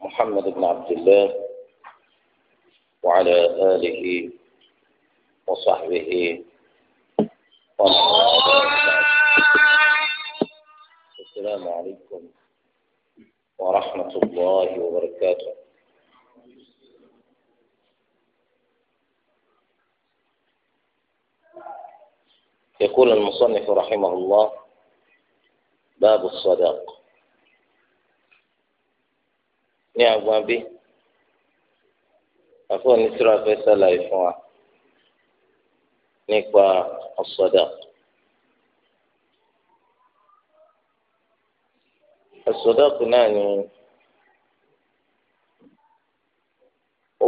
محمد بن عبد الله وعلى آله وصحبه السلام عليكم ورحمة الله وبركاته يقول المصنف رحمه الله باب الصداق ní agbọn bí àfọ onítìrọ fẹ́ ṣàlàyé fún wa nípa ọsọdà ọsọdà kù náà ni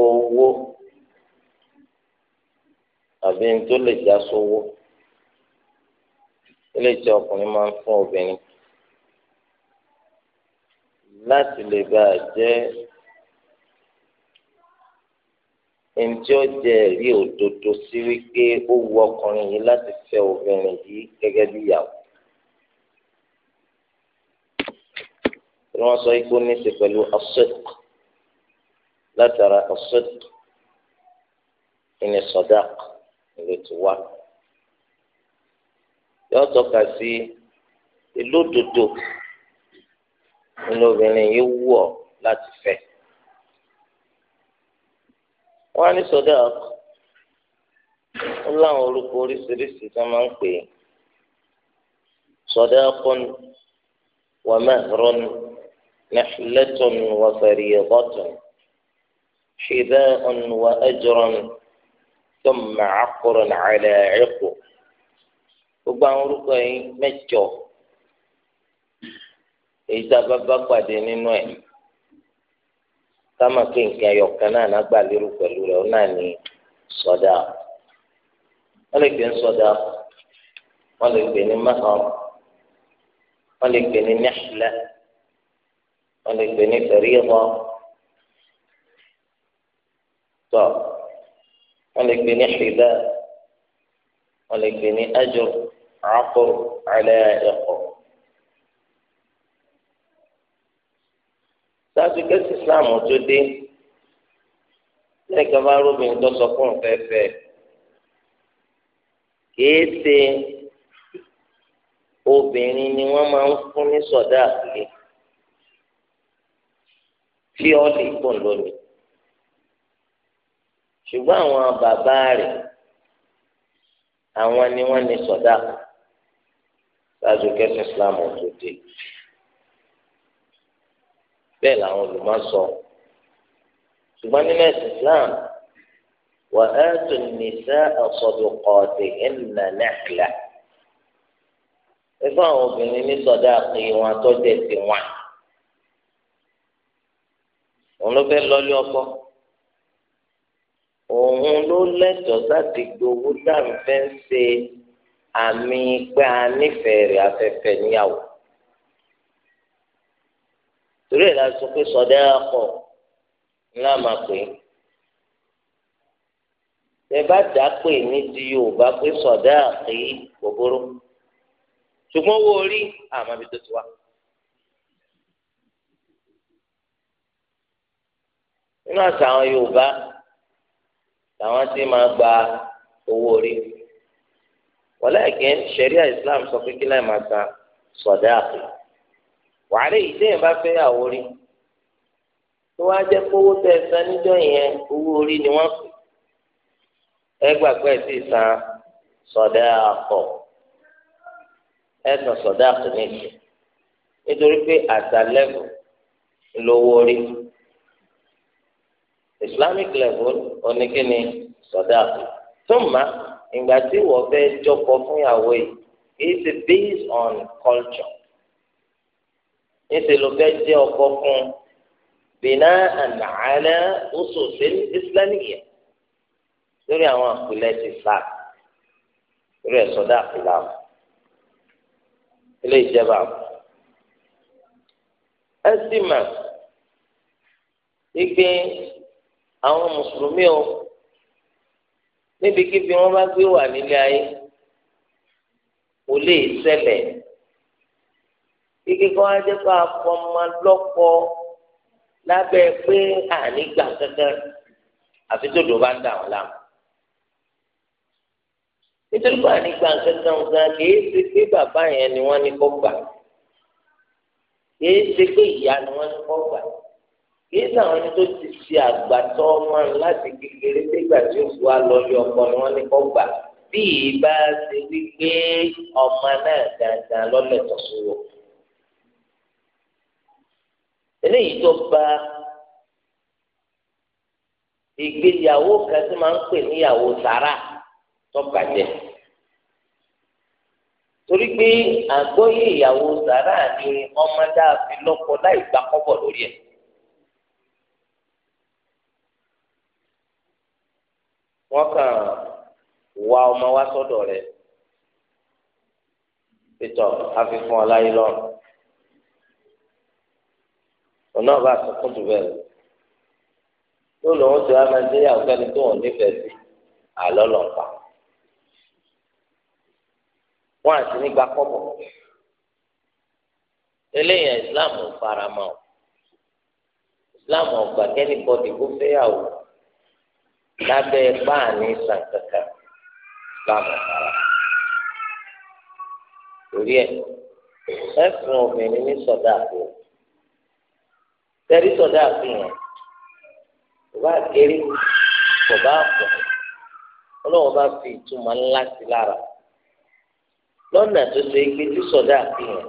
owó àbí tó lè já sówó ilé láti lè bá a jẹ́ ẹni tí ó jẹ́ ẹ̀rí òdodo sí wípé ó wu ọkùnrin yìí láti fẹ́ obìnrin yìí gẹ́gẹ́ bí ìyàwó. tí wọ́n sọ ikú ní ṣe pẹ̀lú as látara as ìní sadaq ìlú ti wá. yóò tọ́ka sí ìlú òdodo nínú obìnrin yìí wù ọ́ láti fẹ́. wọ́n á ní sọ́dọ̀ ó láwọn orúkọ oríṣiríṣi tó máa ń pè é sọ́dọ̀ ọkùn wàmẹ́rún nẹ́fìlẹ́tọ̀n wàfẹ̀rìyẹ̀bọ̀tọ̀n ṣìdáhùn wàẹ́jọ̀rọ̀n tó màá kúrò nàcàlẹ́ ẹ̀kọ́ gbogbo àwọn orúkọ yìí mẹ́jọ. èyí tá a bá pàdé nínú ẹ̀ káma pé nǹkan ẹyọkan náà nágbà lérò pẹ̀lú rẹ̀ ó náà ní sọdá wọ́n lè ní sọdá wọ́n lè gbé ní mahram wọ́n lè gbé ní lè ní wọ́n lè gbé ní sáájú kẹsì islam tó dé lẹ́ẹ̀kan bá róbìnrin tó sọ fún fẹ́fẹ́ kìí ṣe obìnrin ni wọ́n máa ń fún ní sọ̀dá àkùlé tí ó lè kún lónìí ṣùgbọ́n àwọn bàbá rẹ̀ àwọn ni wọ́n ní sọ̀dá sáájú kẹsì islam tó dé bẹ́ẹ̀ làwọn olùmọ̀ sọ ṣùgbọ́n nínú ẹ̀sìn Islam wà á tún nìṣẹ́ ọ̀sọ̀dùkọ̀ọ̀dì ẹ̀nà nàkìlà ẹgbẹ́ àwọn obìnrin ní sọ̀dá pé wọn atọ́jẹ́ ti wọn òun ló fẹ́ lọ́lé ọkọ òun ló lẹ́tọ̀ọ́ láti gbowó dáńfẹ́ ń ṣe àmì pé a nífẹ̀ẹ́ rẹ̀ afẹ́fẹ́ níyàwó torí ẹ̀ la sọ pé sọdẹ́ akọ̀ ńlá máa pè é tẹ bá dàá pè ní ti Yorùbá pé sọdẹ́ àpè kòkòrò ṣùgbọ́n owó orí àmàbí tó ti wá. nínú àṣà àwọn Yorùbá làwọn ti máa gba owó orí wọlé ẹ̀kẹ́ ṣẹ̀ríà Islam sọ pé kí láì máa ta sọdẹ́ àpè wàhálà yìí téèyàn bá fẹ́ yàwó rí tó wá jẹ́ kówó tẹ san níjọ́ yẹn owó orí ni wọ́n pè ẹ gbàgbọ́ ẹ sì san sọ̀dá àpọ̀ ẹ san sọ̀dá àpọ̀ nìyí nítorí pé àṣà level lówó orí islamic level oníkíni sọ̀dá àpọ̀ tó mà ìgbà tí wọ́n fẹ́ jọkọ fún yàwó yìí is based on culture níṣẹ́ ló fẹ́ jẹ́ ọkọ fún bìnnà àlàálẹ̀ oṣooṣe islamiyẹ lórí àwọn àpilẹ̀ ti fà lórí ẹ̀sọ́dá àpilẹ̀ àwọn ilé ìjẹba ẹ sì mà wípé àwọn mùsùlùmí o níbikíbi wọn bá gbé wà nílé ayé kò lè ṣẹlẹ̀ ike kọ́ adé kọ́ afọmọ lọ́pọ̀ lábẹ́ pé ànígbà kankan àfi tó dùn bá ń dà wọ́n láàmú. nítorí pé ànígbà kankan gan kìí ṣe pé bàbá yẹn ni wọ́n ní kó gbà kìí ṣe pé ìyá ni wọ́n ní kó gbà kìí ṣe àwọn ẹni tó ti ṣe àgbàtọ́ ọmọ láti kékeré nígbà tí ó wà lọ́yọ̀ ọkọ ni wọ́n ní kó gbà bí ìbá ṣe wí pé ọmọ náà dandan lọ́lẹ̀ tọ̀sùn wò eléyìí tó ba ìgbéyàwó kan tí máa ń pè níyàwó sàrà tó bàjẹ́ torí pé àgbọ́yé ìyàwó sàrà ni ọmọ dáàbí lọ́kọ láì gbà kọ́bọ̀ lórí ẹ̀. wọ́n kàn wá ọmọ wa sọ́dọ̀ rẹ̀ pétọ́ àfi fún ọ̀nà ọba àtúntò tó bẹ̀rẹ̀ tó lòun ti wá máa ń déyàwó kẹ́ni tó wọn nífẹ̀ẹ́ sí àlọ́ lọ́pàá wọn àti nígbà kọ́bọ̀ eléyàn Islam faramọ́ Islam ọgbà kẹ́ni bọ́dì kó fẹ́yàwó lábẹ́ páàní sàn kankan Islam faramọ́ torí ẹ ẹsùn obìnrin ní sọdá àpò. tẹ̀rí sọ̀dá àfihàn kò bá kéré kò bá bá fi ìtumọ̀ ńlá sí lára lọ́nà tó ṣe é gbé tí sọ̀dá àfihàn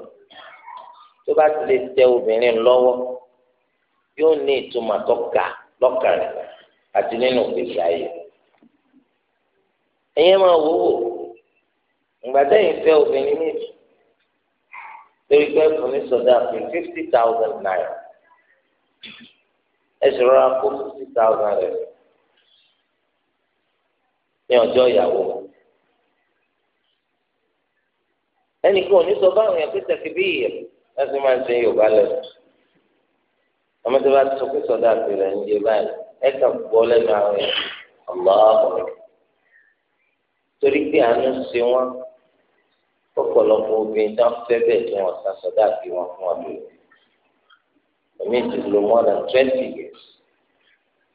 tó bá ti lè tẹ obìnrin lọ́wọ́ yóò ní ìtumọ̀ tó ga lọ́kàn àti nínú ìgbésí ayé máa ẹ sì rọra kó fifty thousand rẹ̀ ní ọjọ́ ìyàwó ẹnìkan ò ní sọ báwọn yẹn pé tẹkibí yẹ láti máa ṣe yorùbá lẹ́nu àmọ́ tó bá sọ pé sọdá àpèrè ń yé báyìí ẹ kàn gbọ́ lẹ́nu àwọn yẹn ọlọ́ọ̀bọ̀ torí pé àánú ṣe wọn ọ̀pọ̀lọpọ̀ obìnrin tó ń fẹ́ bẹ́ẹ̀ tí wọ́n sá sọdá àpè wọn fún wọn lóyún èmi ti lo more than twenty years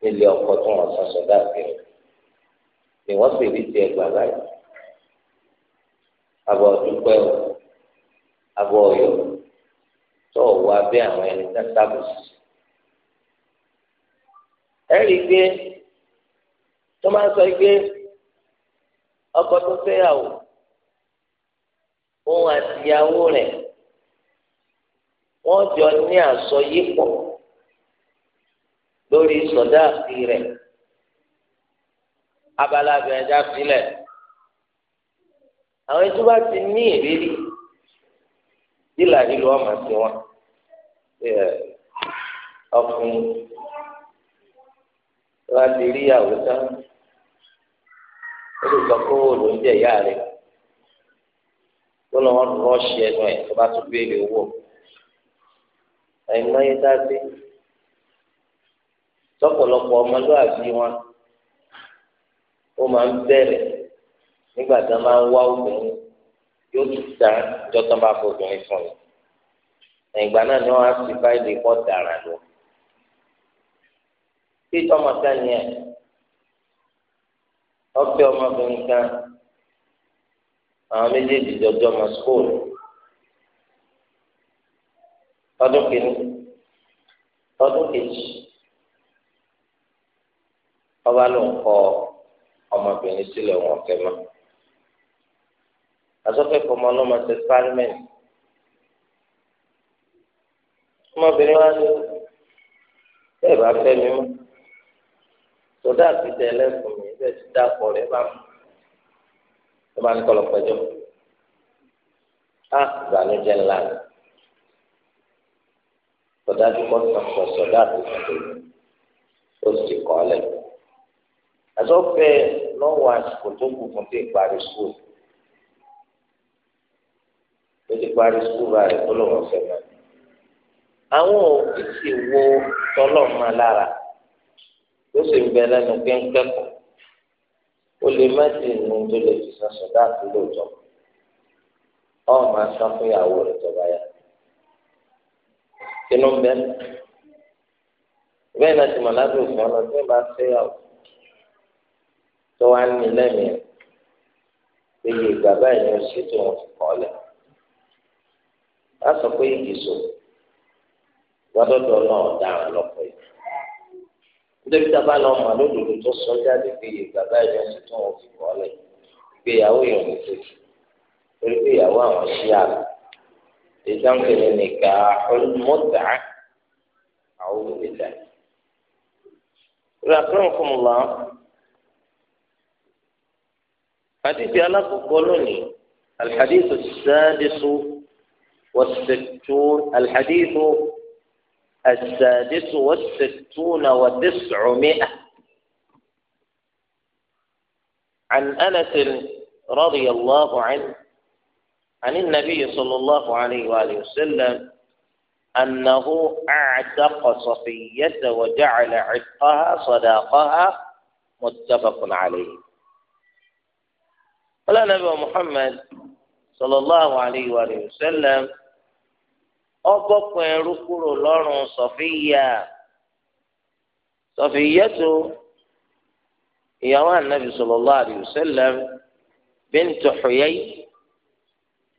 nílé ọkọ tó wọn sọ sọdá àbẹ̀rẹ̀ ni wọ́n sì rí ti ẹgbà láì àbọ̀ dúpẹ́ o àbọ̀ ọ̀yọ́ tó o wá bí àwọn ẹni tẹ́ sábùsì ẹ rí i pé tó máa sọ pé ọkọ tó fẹ́yàwó òun àtìyàwó rẹ̀ wọ́n jọ ní àsọyípọ̀ lórí sọ̀dá àti rẹ̀ abala abẹ́ẹ̀dá sílẹ̀ àwọn ètò bá ti ní ìrírí ìlà ìlú ọmọ sí wọn ọkùnrin láti rí ìyàwó tán ó lè sọ pé owó ló ń jẹ ìyá rẹ̀ tó lọ wọn rọọṣì ẹnu ẹ tó bá tún béèrè owó àìmọye tá a ṣe tọ̀pọ̀lọpọ̀ ọmọlúwàbí wọn ó máa ń bẹ̀rẹ̀ nígbà tí wọn máa ń wá obìnrin yóò tún ta jọ tán bá fobìnrin fún mi ìgbà náà ni wọn á sì fáìlì kọ dára lọ tí tọmọta ni ẹ ọ̀fẹ́ ọmọbìnrin kan àwọn méjèèjì jọjọ ọmọ skóòlù tọdún kìíní tọdún kejì ọba ló ń kọ ọmọbìnrin sílẹ̀ wọn fẹ́ mọ́ àtọ́fẹ́kọ̀ọ́ ọmọ ọlọ́mọ ṣe pálímẹ̀ntì ọmọbìnrin wa ní bẹ́ẹ̀ bá fẹ́ mi mọ́ sọdá àfitẹ ẹlẹ́fun mi bẹ́ẹ̀ ti dàpọ̀ rẹ̀ bá mọ́ ẹ ní kọlọ̀ pẹ́jọ́ á ah, ńlá ni sọdáàtì kọ́ sọ̀tọ̀ sọdáàtì sọ̀tọ̀ ó sì kọ́ lẹ̀. àtọ́fẹ́ lọ́wọ́ àsìkò tó kù fún ti parí skul tó ti parí skul báyìí tó lọ́wọ́ fẹ́ mọ́. àwọn òbí sì wo tọ́lọ̀ mọ́ lára tó sì ń bẹ lẹ́nu kẹ́ńkẹ́kọ̀ọ́ ó lè má dì nù tó lè fi sọ̀tọ̀ sọdáàtì lóòótọ́ ọ̀ máa sá fún ìyàwó rẹ̀ tọ́ba kínú bẹ bẹ́ẹ̀ náà ti mọ lábẹ́ òfin ọlọ tí wọn bá fẹ́ yàwó tó wá ní lẹ́mìí pé iye ìgbà báyìí ni ó ṣe tó wọn fi kọ ọ lẹ wọn sọ pé ìgbésò gbọdọdọ náà dáhùn lọ́pọ̀ yìí nítorí tá a bá lọ mọ lódodo tó sọ jáde pé iye ìgbà báyìí ni ó wọn fi kọ lẹ ìgbéyàwó yìí ò ní tètè torí pé ìyàwó àwọn ṣí àlọ. ìsànkìlì nikahul mut'ah a'udhu billahi. ìrọ̀lẹ́ fún wa hadithi alákòókò lónìí alhadithu sadisu wasittun alhadithu asadisu wasittun wa tis'umi'a. عن أنس رضي الله عنه عن النبي صلى الله عليه وآله وسلم أنه أعتق صفية وجعل عتقها صداقها متفق عليه قال النبي محمد صلى الله عليه وآله وسلم ọbọkùnrin ẹrú لون صفية sọfíyà sọfíyà النبي صلى الله عليه وسلم بنت حيي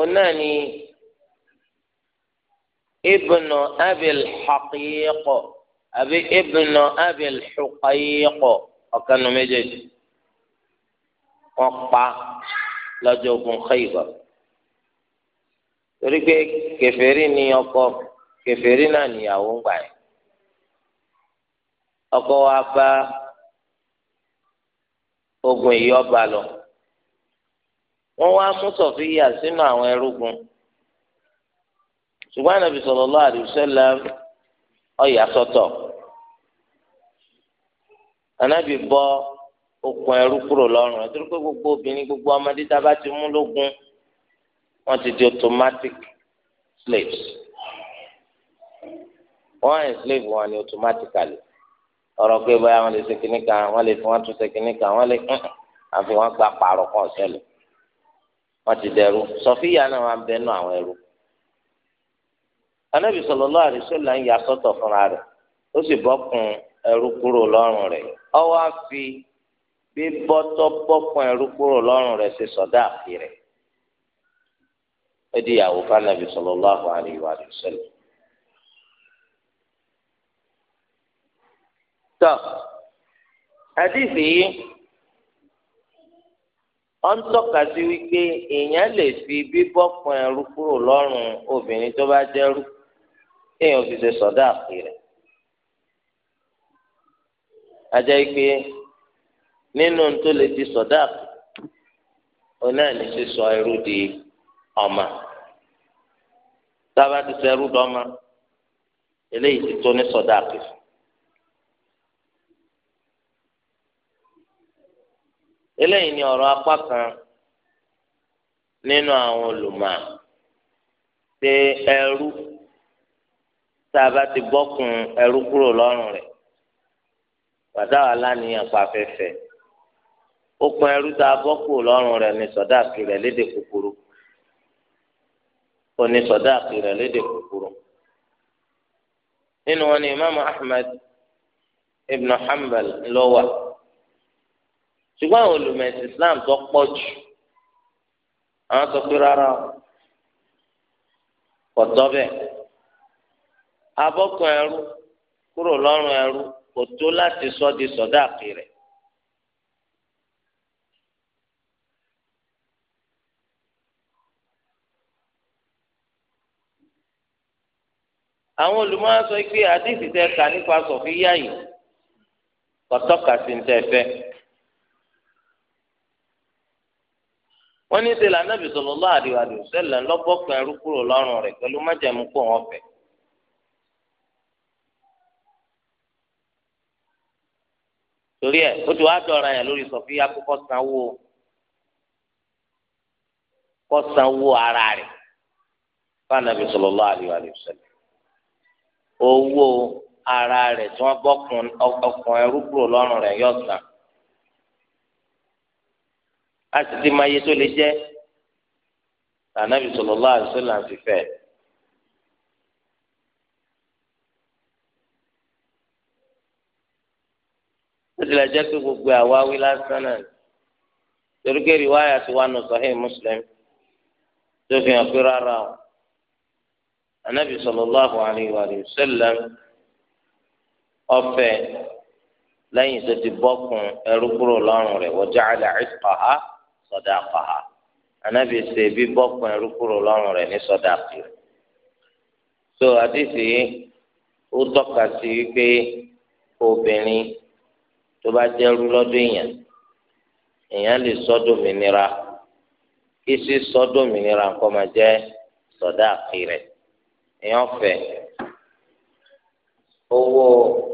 onáni ibnu abil haqiqo àbí ibnu abil huqayqo ọ̀kanu méjèèjì wọ́n pa lọ́jọ́ ogun Khaybar torí pé kèfèrí ni ọkọ kèfèrí náà níyàwó ń gbà yẹn ọkọ wa bá ogun yìí ọba lọ wọ́n wá mú sọ̀fíyà sínú àwọn ẹrúgun ṣùgbọ́n ànábì sallallahu alaihi wasallam ó yà sọ́tọ̀ ànábì bọ́ okùn ẹrú kúrò lọ́rùn ẹ̀ torí pé gbogbo obìnrin gbogbo ọmọdé tá a bá ti mú lógun wọ́n ti di automatic slaves wọ́n enslave wọn ni automatically ọ̀rọ̀ pé báyà wọ́n lè ṣe kìnnìkan wọ́n lè fi wọ́n tún ṣe kìnnìkan wọ́n lè àfi wọ́n gba pààrọ̀ kan ṣẹlẹ̀ wọn ti dẹrú sọfíyà náà wà ń bẹnu àwọn ẹrú anabi sallallahu alaihi wasallam ń ya sọ́tọ̀ fúnra rẹ̀ ó sì bọ́kùn ẹrú kúrò lọ́rùn rẹ̀ ọwọ́ á fi bíbọ́ tó bọ́kùn ẹrú kúrò lọ́rùn rẹ̀ ṣe sọ̀dá àfi rẹ̀ ó di ìyàwó fanabi sallallahu alaihi wasallam. tọ́ àdìsí yìí ó ń tọ́ka sí wípé èèyàn lè fi bíbọ́ pọn ẹrú kúrò lọ́rùn obìnrin tó bá jẹ́rú èèyàn fi ṣe sọ̀dá àpè rẹ̀. ajá ikpe nínú tó lè di sọ̀dá àpè ó náà ní sísọ ẹrú di ọmọ sábà ti sọ ẹrú dọ́mọ eléyìí ti tó ní sọ̀dá àpè fún. eléyìí ni ọ̀rọ̀ apá kan nínú àwọn olùmọ̀ ṣe ẹrú tá a bá ti bọ́kùn ẹrú kúrò lọ́rùn rẹ̀ wàdáwà lánìyàn pàfẹ́fẹ́ okùn ẹrú tá a bọ́ lọ́rùn rẹ̀ ní sọ̀dáàkì rẹ̀ léde kúkúrú òní sọ̀dáàkì rẹ̀ léde kúkúrú nínú wọn ni imaamu Ahmad ibn Hanbal ló ṣùgbọ́n àwọn olùmẹ̀sì islam tó pọ̀ jù àwọn sọ pé rárá kò tọ́ bẹ́ẹ̀ abọ́kan ẹrú kúrò lọ́rùn ẹrú kò tó láti sọ di sọ̀dáàkì rẹ̀. àwọn olùmọ̀ọ́ sọ pé àdìsí tẹ kà nípa sọ̀fíyà yìí kò tọ́ka sí ní tẹ fẹ́. wọ́n ní sẹ́lẹ̀ anábì sallallahu alaihi wasallam lọ́bọ̀pẹ̀ ẹrú kúrò lọ́rùn rẹ̀ pẹ̀lú májẹ̀mú kó wọn fẹ̀. torí ẹ ó ti wá dọ̀ra yẹn lórí Sọfíyà kó kọ́ sanwó kọ́ sanwó ara rẹ̀ fún anábì sallallahu alaihi wasallam owó ara rẹ̀ tí wọ́n bọ́kùn ọkùn ẹrú kúrò lọ́rùn rẹ̀ yọ̀ sàn a sì ti máa yẹ tó lè jẹ́ ànábì sallallahu alaihi wasallam fi fẹ́ ẹ̀. tilẹ̀ jẹ́ pé gbogbo àwáwí lásán náà torí pé rìwáyà ti wà nù sahih muslim tó fi hàn pé rárá o anabi sallallahu alayhi wa sallam ọfẹ lẹ́yìn tó ti bọ́kùn ẹrú kúrò lọ́rùn rẹ̀ wa ja'ala 'itqaha sadaqaha anabi ṣe bíbọ́ kan ẹrú kúrò lọ́rùn rẹ̀ ní sọdáàkì rẹ̀ so àdìsí ó tọ́ka sí wípé obìnrin tó bá jẹ́rú lọ́dọ̀ èèyàn èèyàn lè sọ́dọ̀mìnira kí sí sọ́dọ̀mìnira nǹkan máa jẹ́ sọdáàkì rẹ̀ èèyàn fẹ́ owó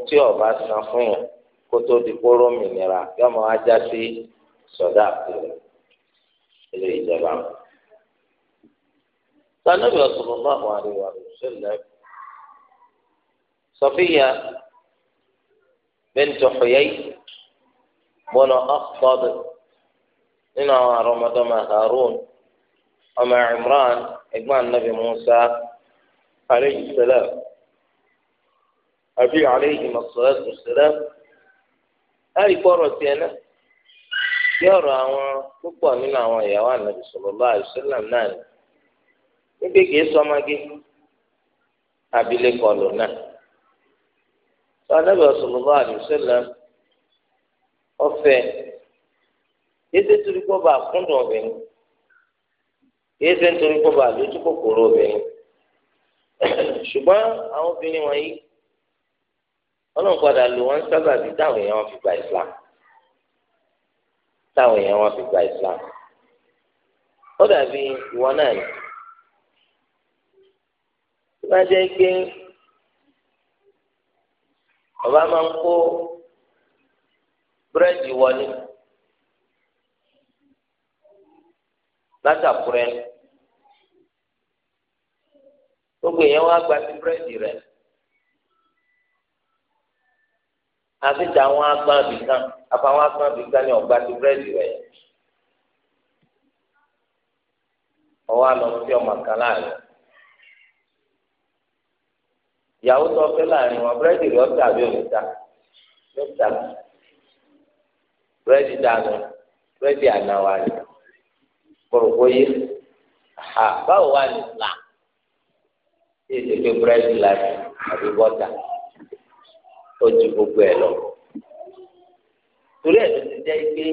tí ó san fún yàn kó tó di kóró mìnira yọmọ ajá sí sọdáàkì rẹ̀. ilé ìjọba. sanabi sallallahu alaihi wa sallam Safiya bint Huyay bọ́nà Akhtab nínú àwọn àrọ́mọdọ́mọ Harun ọmọ Imran ẹ̀gbọ́n anabi Musa aleyhi salam àbí aleyhi masalatu salam. láì gbọ́rọ̀ tiẹ̀ náà. bí ọ̀rọ̀ àwọn púpọ̀ nínú àwọn ìyàwó ànábì sallallahu alaihi wasallam náà ni níbi kìí sọmọgé abilékọ lò náà sọ ànábì sallallahu alaihi wasallam ọ̀fẹ́ yéésẹ torí kó bá kúndùn obìnrin yéésẹ torí kó bá lójú kòkòrò ṣùgbọ́n àwọn obìnrin wọ̀nyí ọlọ́run padà lò wọ́n sábà táwọn táwọn èèyàn wọn fi gba islam ó dàbí ìwọ náà ni tó bá jẹ́ pé ọba máa ń kó búrẹ́dì wọlé látàkùrẹ́ gbogbo èèyàn wá gba sí búrẹ́dì rẹ àfi tàwọn agbọn abìkan àfàwọn agbọn abìkan ni ọgbà ti búrẹ́dì rẹ̀ ọwọ́ àlọ́ fi ọmọ kan láàrin ìyàwó tó fẹ́ láàrin wọn búrẹ́dì rẹ̀ ọ̀tà àbí òmìta lọ́tà búrẹ́dì dànù búrẹ́dì ànáwá rẹ̀ kọ̀rọ̀kọ̀yé báwo wà ní ìlà tí èsèké búrẹ́dì láti àbí bọ́tà. ó ju gbogbo ẹ̀ lọ. torí ẹ̀ ló ti jẹ́ pé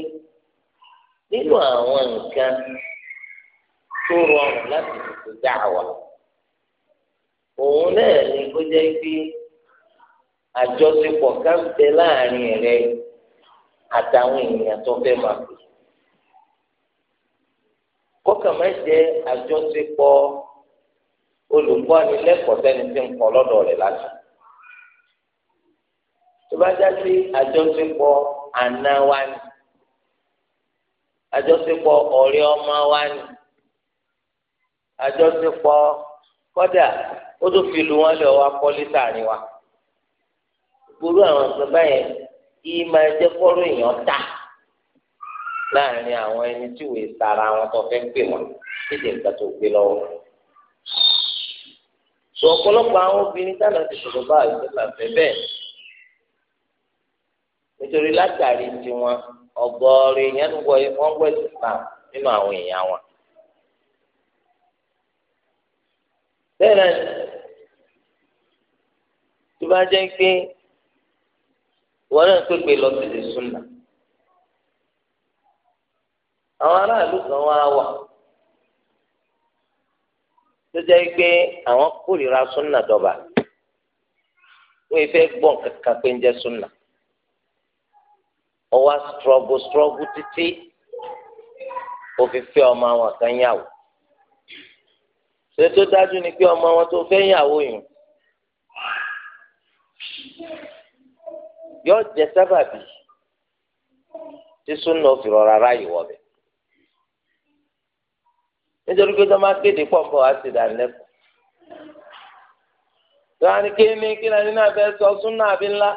nínú àwọn nǹkan tó rọrùn láti tètè dá àwà òun náà ni kó láàrin rẹ àtàwọn tó máa olùkọ́ni lẹ́kọ̀ọ́ sẹ́ni tí ń kọ́ lọ́dọ̀ rẹ̀ bá já sí àjọṣepọ̀ àná wa ni àjọṣepọ̀ ọ̀rẹ́ ọmọ wa ni àjọṣepọ̀ kọ́dà ó tún fi lu wọn lé wa akọ́lé sàárín wa gbogbo àwọn nǹkan báyẹn yìí máa jẹ́ kọ́rọ̀ èèyàn ta láàrin àwọn ẹni tí wòye sara wọn tó fẹ́ pè wọn kéde nǹkan tó gbé lọ́wọ́ ọ̀pọ̀lọpọ̀ àwọn obìnrin tánà ti sọ̀rọ̀ báyìí tó là fẹ́ bẹ́ẹ̀ nítorí látàrí tiwọn ọ̀gọ̀ọ̀rọ̀ èèyàn ń wọ wọn wọ islam nínú àwọn èèyàn wọn. bẹ́ẹ̀ náà tó bá jẹ́ pé wọn náà tó gbé lọ sí ti súnà àwọn aráàlú kan wá wà tó jẹ́ pé àwọn kórìíra súnà dọ̀bà wọ́n fẹ́ gbọ́n kankan pé ń jẹ́ súnà. Ọwa strọ́gù strọ́gù títí ofufe fi ọmọ àwọn kan dájú ni pé ọmọ wọn tó fẹ́ yàwó yìí yóò jẹ sábàbí tí súnà fi rọra ráàyè wọbẹ nítorí pé tó kéde pọ̀npọ̀ á na dá lẹ́kọ̀ọ́ tó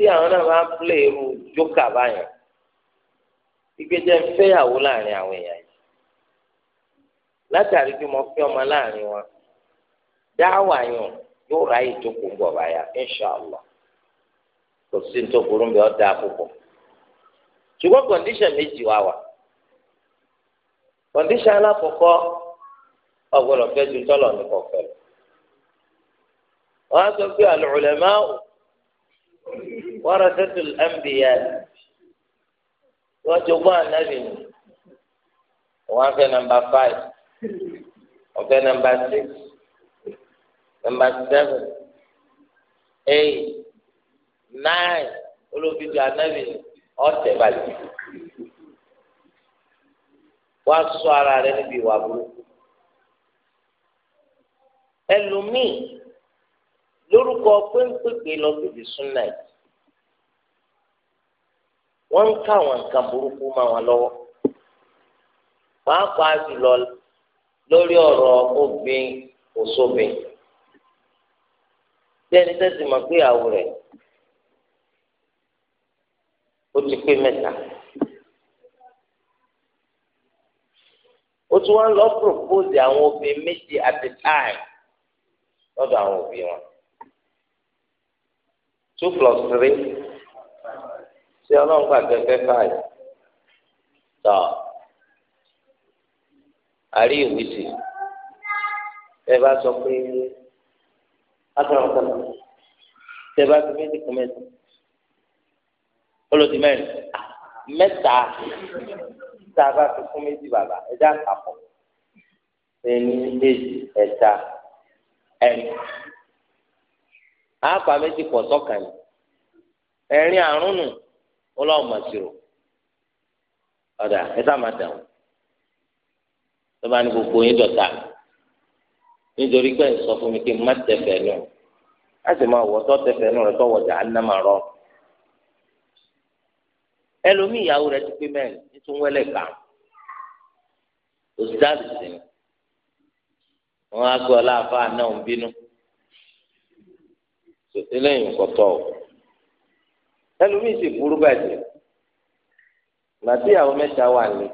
tí àwọn náà bá ń plé irú jókà báyẹn ìgbẹ́jẹ́ ń fẹ́yàwó láàrin àwọn èèyàn yìí látàrí bí mo fi ọmọ láàrin wọn dáwà yàn yóò ráyè tó kù bọ̀ báyà inshàlá kò sí tó burú bí ọ dáa púpọ̀ ṣùgbọ́n kọ̀ǹdíṣàn méjì wá wà kọ̀ǹdíṣàn alákọ̀ọ́kọ́ ọ̀gbọ́dọ̀ fẹ́ ju tọ́lọ̀ ní kọ̀ọ̀fẹ́ lọ. wọ́n á sọ pé al warasatul الأنبياء wọ́n jogún ànábì في wọ́n fẹ́ nàmbà five wọ́n fẹ́ nàmbà six nàmbà seven eight nine olóbìdú ànábì ni ọ̀tẹ̀ balẹ̀ wọ́n sọ ara rẹ̀ níbi ìwà burúkú ẹlòmíì lórúkọ péńpépé lọ síbi súnà yìí wọ́n ń ká àwọn nǹkan burúkú mọ́ wọn lọ́wọ́ pàápàá jùlọ lórí ọ̀rọ̀ obìn òṣòbìn bí ẹni tẹ́sí mọ̀ pé ìyàwó rẹ̀ ó ti pé mẹ́ta ó tún wá lọ propose àwọn obìnrin méjì at the time lọ́dọ̀ àwọn òbí wọn two plus three ṣé ọlọ́run gbà kẹfẹ́ fàáyì tọ́ àrí ìwísì ẹ bá sọ pé akọ̀rọ̀kọ̀ tẹ bá fi méjì kún mẹ́ta olódì mẹ́rin ah, mẹ́ta tá a bá fi kún méjì bàbá ẹ já kàpọ̀ ẹni méjì ẹ̀ta ẹ̀rin àápà méjì pọ̀ sọ́kàn ẹ̀rin àrùn nù. ọlọ́run mọ̀ sí o ọ̀dà ẹ sá máa dàn tó bá ní gbogbo yín dọ̀tà nítorí pé sọ fún mi pé má tẹfẹ̀ nù á sì máa wọ̀ tọ́ tẹfẹ̀ nù rẹ máa rọ ẹlòmíì ìyàwó rẹ ti pé mẹ́rin nítorí ẹlòmíì sì burú bàjẹ́ gbàtí mẹ́ta wà ní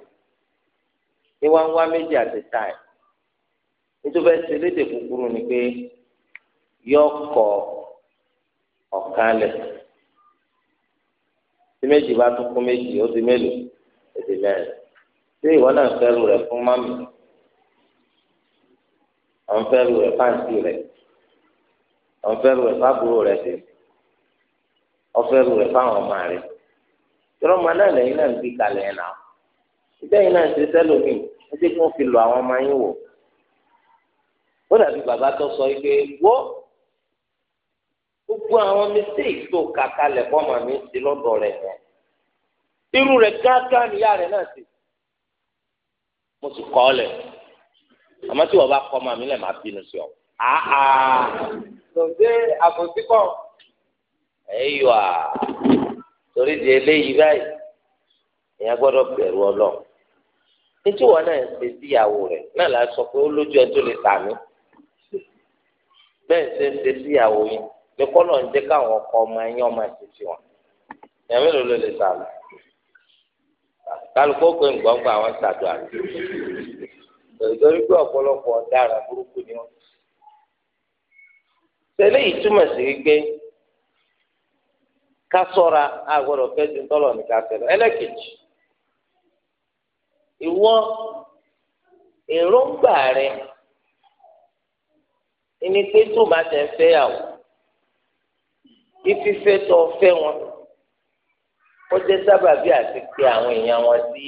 ní ń wá méjì àti táì nítorí ẹsẹ léde kúkúrú ni pé yọ kọ ọ̀kan lẹ̀ tí méjì bá tún kún méjì ó di mélòó èdè mẹ́rin ṣé ìwọ náà fẹ́rù rẹ̀ fún mami àwọn fẹ́rù rẹ̀ fáǹtì rẹ̀ àwọn fẹ́rù rẹ̀ fábùrò rẹ̀ dèbò ọfẹ rú rẹ fáwọn ọmọ rẹ tọrọ ma náà lẹ́yìn náà ń bí kalẹ̀ ẹ náà ìtẹ̀yìn náà ń ṣe sẹlómi ẹ jẹ́ kí wọ́n fi lọ àwọn ọmọ yín wò ó dàbí bàbá tó sọ pé wọ gbogbo àwọn mistake tó kà kalẹ̀ fọmọ mi ti lọ́dọ̀ rẹ yẹn irú rẹ gángan níyà rẹ náà ti mo sì kọ́ ọ lẹ̀ àmọ́ tí wọ́n bá kọ́ ọmọ mi lẹ̀ máa bínú sí ọ àhà tòun dé àbòsí kọ́ ẹ̀yọ́ à torí di eléyìí báyìí èèyàn gbọ́dọ̀ bẹ̀rù ọlọ́ títí wọn náà ṣe síyàwó rẹ̀ náà la sọ pé ó lójú ẹ tó lè tà mí bẹ́ẹ̀ ṣe ń ṣe síyàwó yín ní kọ́lọ̀ ń jẹ́ káwọn ọkọ ọmọ ẹ̀yìn ọmọ wọn mélòó ló lè tà mí kálukó pé àwọn ṣàdùn àná pé ọ̀pọ̀lọpọ̀ ka sọra fẹ́ ju ńtọlọ ní kásẹlẹ ẹlẹ́kejì rẹ ẹni pé tó máa tẹ̀ ń fẹ́ wọn ó jẹ́ sábàbí àti àwọn èèyàn wọn sí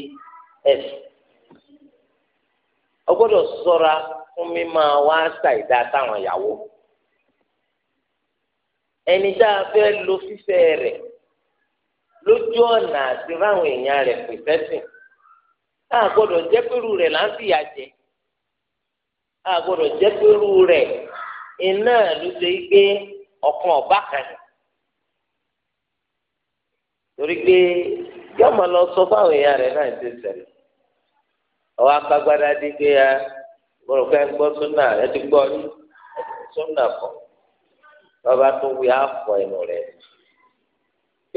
fún wá ẹni tá a fẹ́ lo fífẹ́ rẹ̀ lójú ọ̀nà àti ráwọn èèyàn rẹ̀ pèsè sìn a gbọ́dọ̀ jẹ́ pẹ̀lú rẹ̀ là ń jẹ a gbọ́dọ̀ jẹ́ pẹ̀lú rẹ̀ iná ló ṣe gbé ọ̀kan ọ̀bá kan torí pé yóò lọ sọ fáwọn èèyàn náà ah, ti bàbá tó wí àfọ ẹnu rẹ̀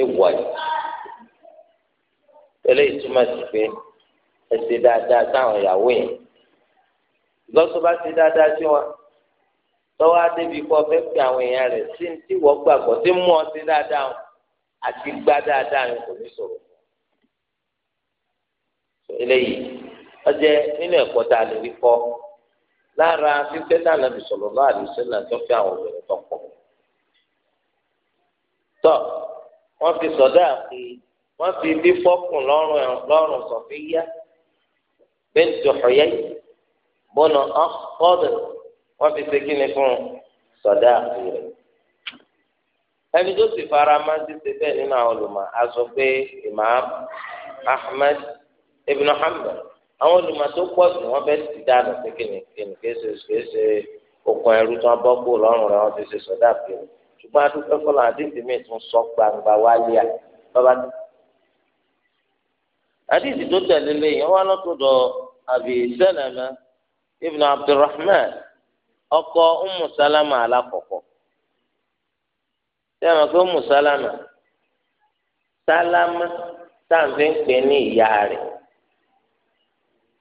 ìwọ yìí tẹ́lẹ̀ ìtumọ̀ sí pé ẹ ṣe dáadáa sáwọn ìyàwó yẹn lọ́sọ bá ṣe dáadáa sí wọn tọ́wọ́ adébí kọ́ fẹ́ pe àwọn èèyàn rẹ̀ sí ní tí wọ́n gbàgbọ́ tí mú ọ sí dáadáa wọn àti gbá dáadáa yẹn kò ní sọ̀rọ̀ eléyìí ọjẹ́ nínú ẹ̀kọ́ tá a lè rí kọ́ lára fífẹ́ dáná bí sọ̀rọ̀ bá àdúgbò náà tó fẹ́ àwọn obìnrin tó pọ̀ tọ wọ́n fi sọdá àpè wọ́n fi bí fọkùn lọ́rùn lọ́rùn sọfíyà bint Huyay bọnà ọkọọdẹ wọ́n fi ṣe kí ni fún sọdá àpè rẹ̀ ẹni tó sì fara máa ń ṣiṣẹ́ bẹ́ẹ̀ nínú àwọn olùmọ̀ a sọ pé imam ahmed ibn hanbal àwọn olùmọ̀ tó pọ̀ jù wọ́n bẹ́ẹ̀ ti dáná pé kìnìkìnì kìí ṣe okùn ẹrú tí wọ́n bọ́ kó lọ́rùn rẹ̀ wọ́n ti ṣe sọdá àpè rẹ̀. ṣùgbọ́n adúgbò fọlọ́ àdéhùn mi tún sọ gbangba wálé à bàbá tó. àdéhùn tó tẹ̀lé lẹ́yìn wọn lọ́tọ̀dọ̀ àbí sẹ́lẹ̀mẹ́ ibn abdulrahman ọkọ umusalama salama alákọ̀ọ́kọ́ sẹ́wọ̀n pé salama salama ń pè ní ìyá rẹ̀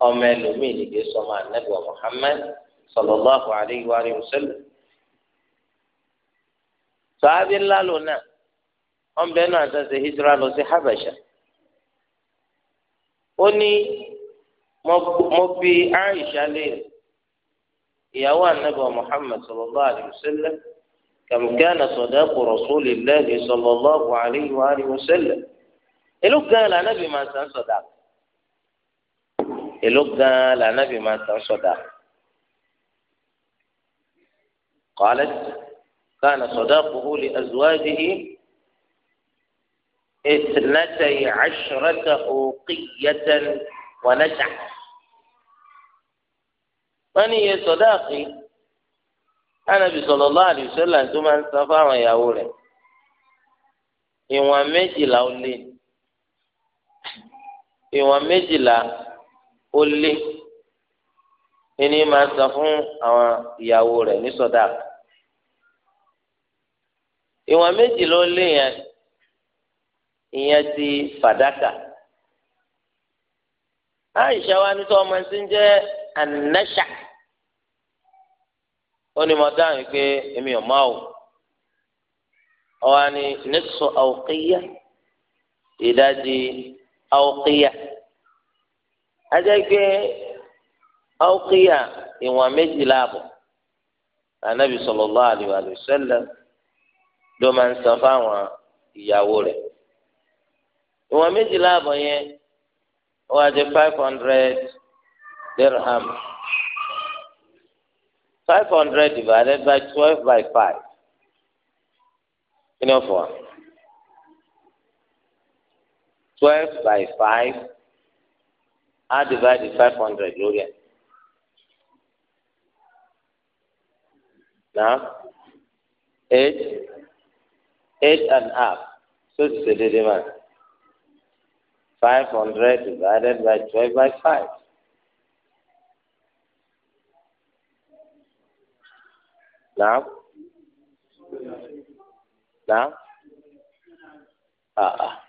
ọmọ ẹlòmíì nìgbésọ́mọ anabi wa muhammad sọ́hábí ńlá lónà wọ́n bẹ́ẹ̀ náà tó ṣe hijira lọ sí habasha ó ní mo bi aisha léèrè ìyàwó anabi muhammad sallallahu alayhi wa sallam kam kana sadaqu rasulillahi sallallahu alayhi wa alihi wa sallam èló gan la anabi máa san sọdá èló gan la máa san sọdá qalat. كان صداقه لأزواجه اثنتي عشرة أوقية ونجح wọ́n ní iye sọ̀dáàkì ánàbì sallallahu alaihi wasallam tó máa ń san fáwọn ìyàwó rẹ̀ ìwọ̀n méjìlá ó lé ìwọ̀n méjìlá ó lé ẹni máa san fún àwọn ìyàwó rẹ̀ ní sọ̀dáàkì ìwọ̀n méjì ló lé yẹn ìyẹn ti fàdákà Aisha wa ní tí ọmọ ti ń jẹ́ anasha ó ní mo dáhùn pé èmi ò máa wò ọwọ́ ni nisfu awqiya ìdajì awqiya ajẹ́ pé awqiya ìwọ̀n méjì láàbọ̀ anabi sallallahu alaihi wa sallam ló máa ń san fáwọn ìyàwó rẹ̀ ìwọ̀n méjìlá àbọ̀ yẹn ó wá jẹ́ five hundred dirham five hundred divided by twelve by five kí ni ó fọ twelve by five á divide five hundred lórí ẹ̀. Now, eight eight and half so it's ṣe déédéé báyìí five hundred divided by twelve by five. Now. Now. Ah ah.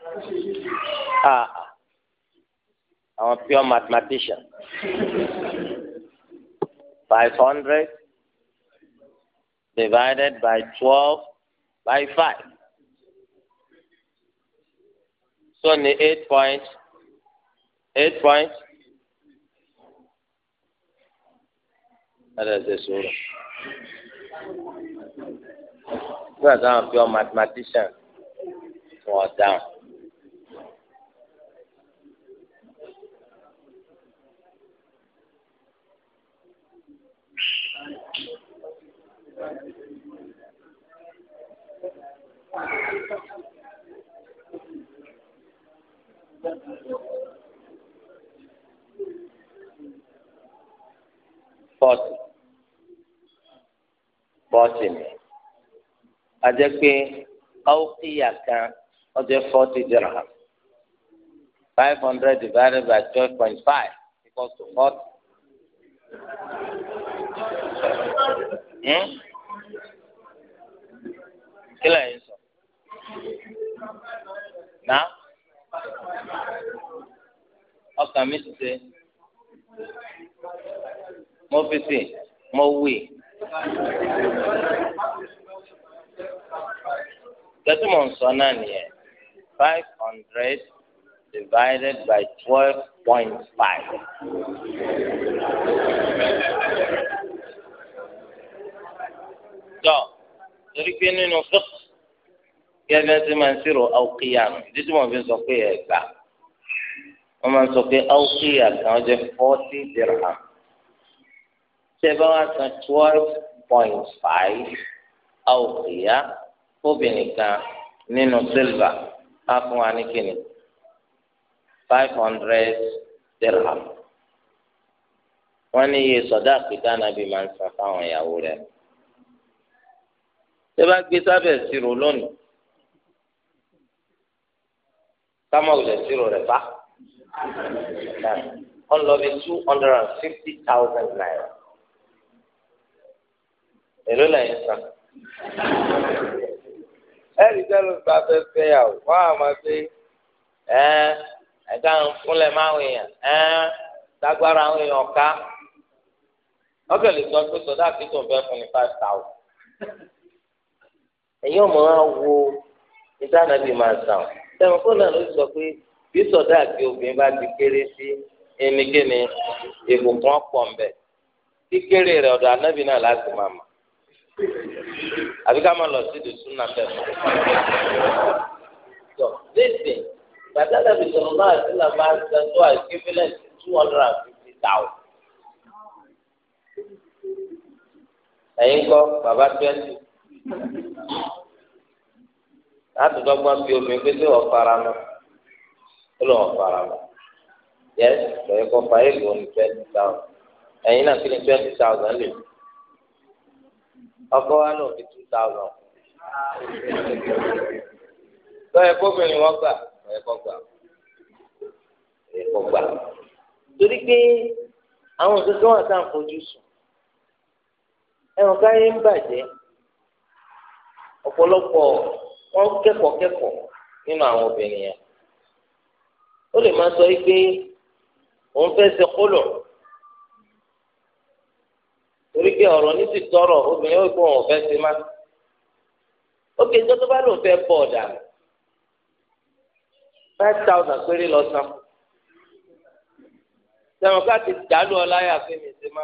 Ah ah. I'm a pure mathematician. five hundred divided by twelve by five. sọ ní eight point eight point adàzẹ sọ̀rọ̀ nígbà táwọn fi ọ mathematician wọn dáhùn. Thank you. pọ́ọ̀tì pọ́ọ̀tì mi àjẹ́ pé ọ́kìyà kan ọjọ́ forty dirham five hundred divided by twelve point five equals to forty. Hmm? kí lẹ́yìn sọ? náà ọkàn mi ti ṣe mo fi ṣe mo wì gẹ́tù mọ̀ nsọ náà nìyẹn five hundred divided by twelve point five. tọ́ torí pé nínú fúkú gẹ́gẹ́ tí máa ń sírò aukiyam títí wọ́n fi sọ pé ẹ̀gbà wọ́n máa ń sọ pé aukiyam kan jẹ́ forty dirham tẹ́bá wá san twelve point five aukiya obìnrin kan nínú sílvà á fún wa ní kíni five hundred dirham wọ́n ní iye sọ̀dá àpèdá nàbí máa ń san fáwọn ìyàwó rẹ̀ tẹ́bá gbé sábẹ̀ sírò lónìí. sámà wulẹ̀ zero rẹ̀ bá ọlọ́bi two hundred and fifty naira èló lẹ́yìn sàn ẹ̀rí sẹ́lẹ̀ gba afẹ́fẹ́ yà ó wọ́n á máa fi ẹ́ ẹ̀dá ń fúnlẹ̀ máa wọ̀ èèyàn ẹ́ dágbára àwọn èèyàn ká ọkẹ́ sọ pé sọdá àfihàn ń fẹ́ fún ní five thousand ẹ̀yin sẹ́wọ̀n kó náà ló sọ pé bí sọ̀dá àti obìnrin bá ti kéré sí ẹnikẹ́ni ìbùkún ọ̀pọ̀ ńbẹ kíkéré rẹ̀ ọ̀dọ̀ anábì náà láti máa mọ̀ àbí ká máa lọ sí ìdùsùn náà bẹ̀rẹ̀ mọ́. lẹ́sìn bàtà dàbí sọ̀rọ̀ náà sí là máa ń sẹ́ńtò equivalent two hundred and fifty thousand. ẹ̀yin kọ́ bàbá twenty. láti dọ́gba bí omi pé tí wọ́n fara mọ́ ó lọ́wọ́ fara mọ́ yẹ lọ́yẹ kọ́ fa èlò ní twenty thousand ẹ̀yin náà kí twenty thousand lè ọkọ wa náà fi two thousand lọ́yẹ wọ́n gbà lọ́yẹ kọ́ gbà lọ́yẹ kọ́ gbà torí pé àwọn wọn sùn ẹ̀wọ̀n wọn kẹ́kọ̀ọ́ kẹ́kọ̀ọ́ nínú àwọn obìnrin yẹn ó lè máa sọ pé òun fẹ́ ṣe kólọ̀ torí pé ọ̀rọ̀ ní ti tọrọ obìnrin yóò gbọ́ òun fẹ́ ṣe má ó kéjọ́ tó bá lòun fẹ́ bọ̀ ọ̀dà five thousand péré lọ san sẹ́wọ̀n ká ti dàlú ọláyà fún mi ṣe má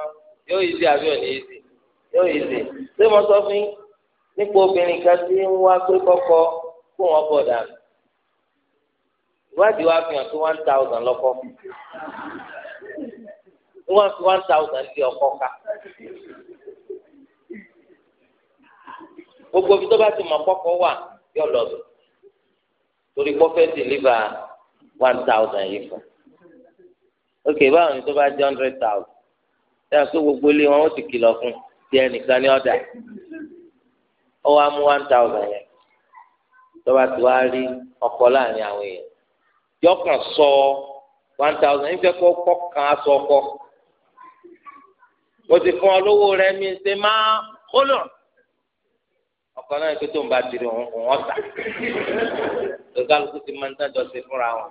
yóò yí sí àbí ní yí sí yóò yí sí ṣé mo sọ fún yín. nípa obìnrin kan tí ń wá pé kọ́kọ́ kó wọn bọ̀ dànù ìwádìí wa fi hàn pé one thousand lọ́kọ́ wọ́n fi one thousand di ọkọ ká gbogbo ibi tó bá ti mọ̀ kọ́kọ́ wà yọ lọ bẹ̀ torí kọ́fẹ́ dìlíbà one thousand yìí fún ok báwo ni tó bá jẹ́ hundred thousand ṣé àti gbogbo ilé wọn ó ti kìlọ̀ fún tí ẹnìkan ní ọ̀dà ọwọ́ amú one thousand yẹn tọ́ba tí wàá rí ọkọ̀ láàrin àwọn èèyàn yọkàn sọ one thousand ìfẹ́ kọ́ kọ́ kan aṣọ ọkọ mo ti fún ọ lówó rẹ mi ṣe máa kólọ̀ ọkọ náà ètò tó ń bá tiri òun ọ̀tà lọ́gàlùkù ti máa ń dájọ́ sí fúnra wọn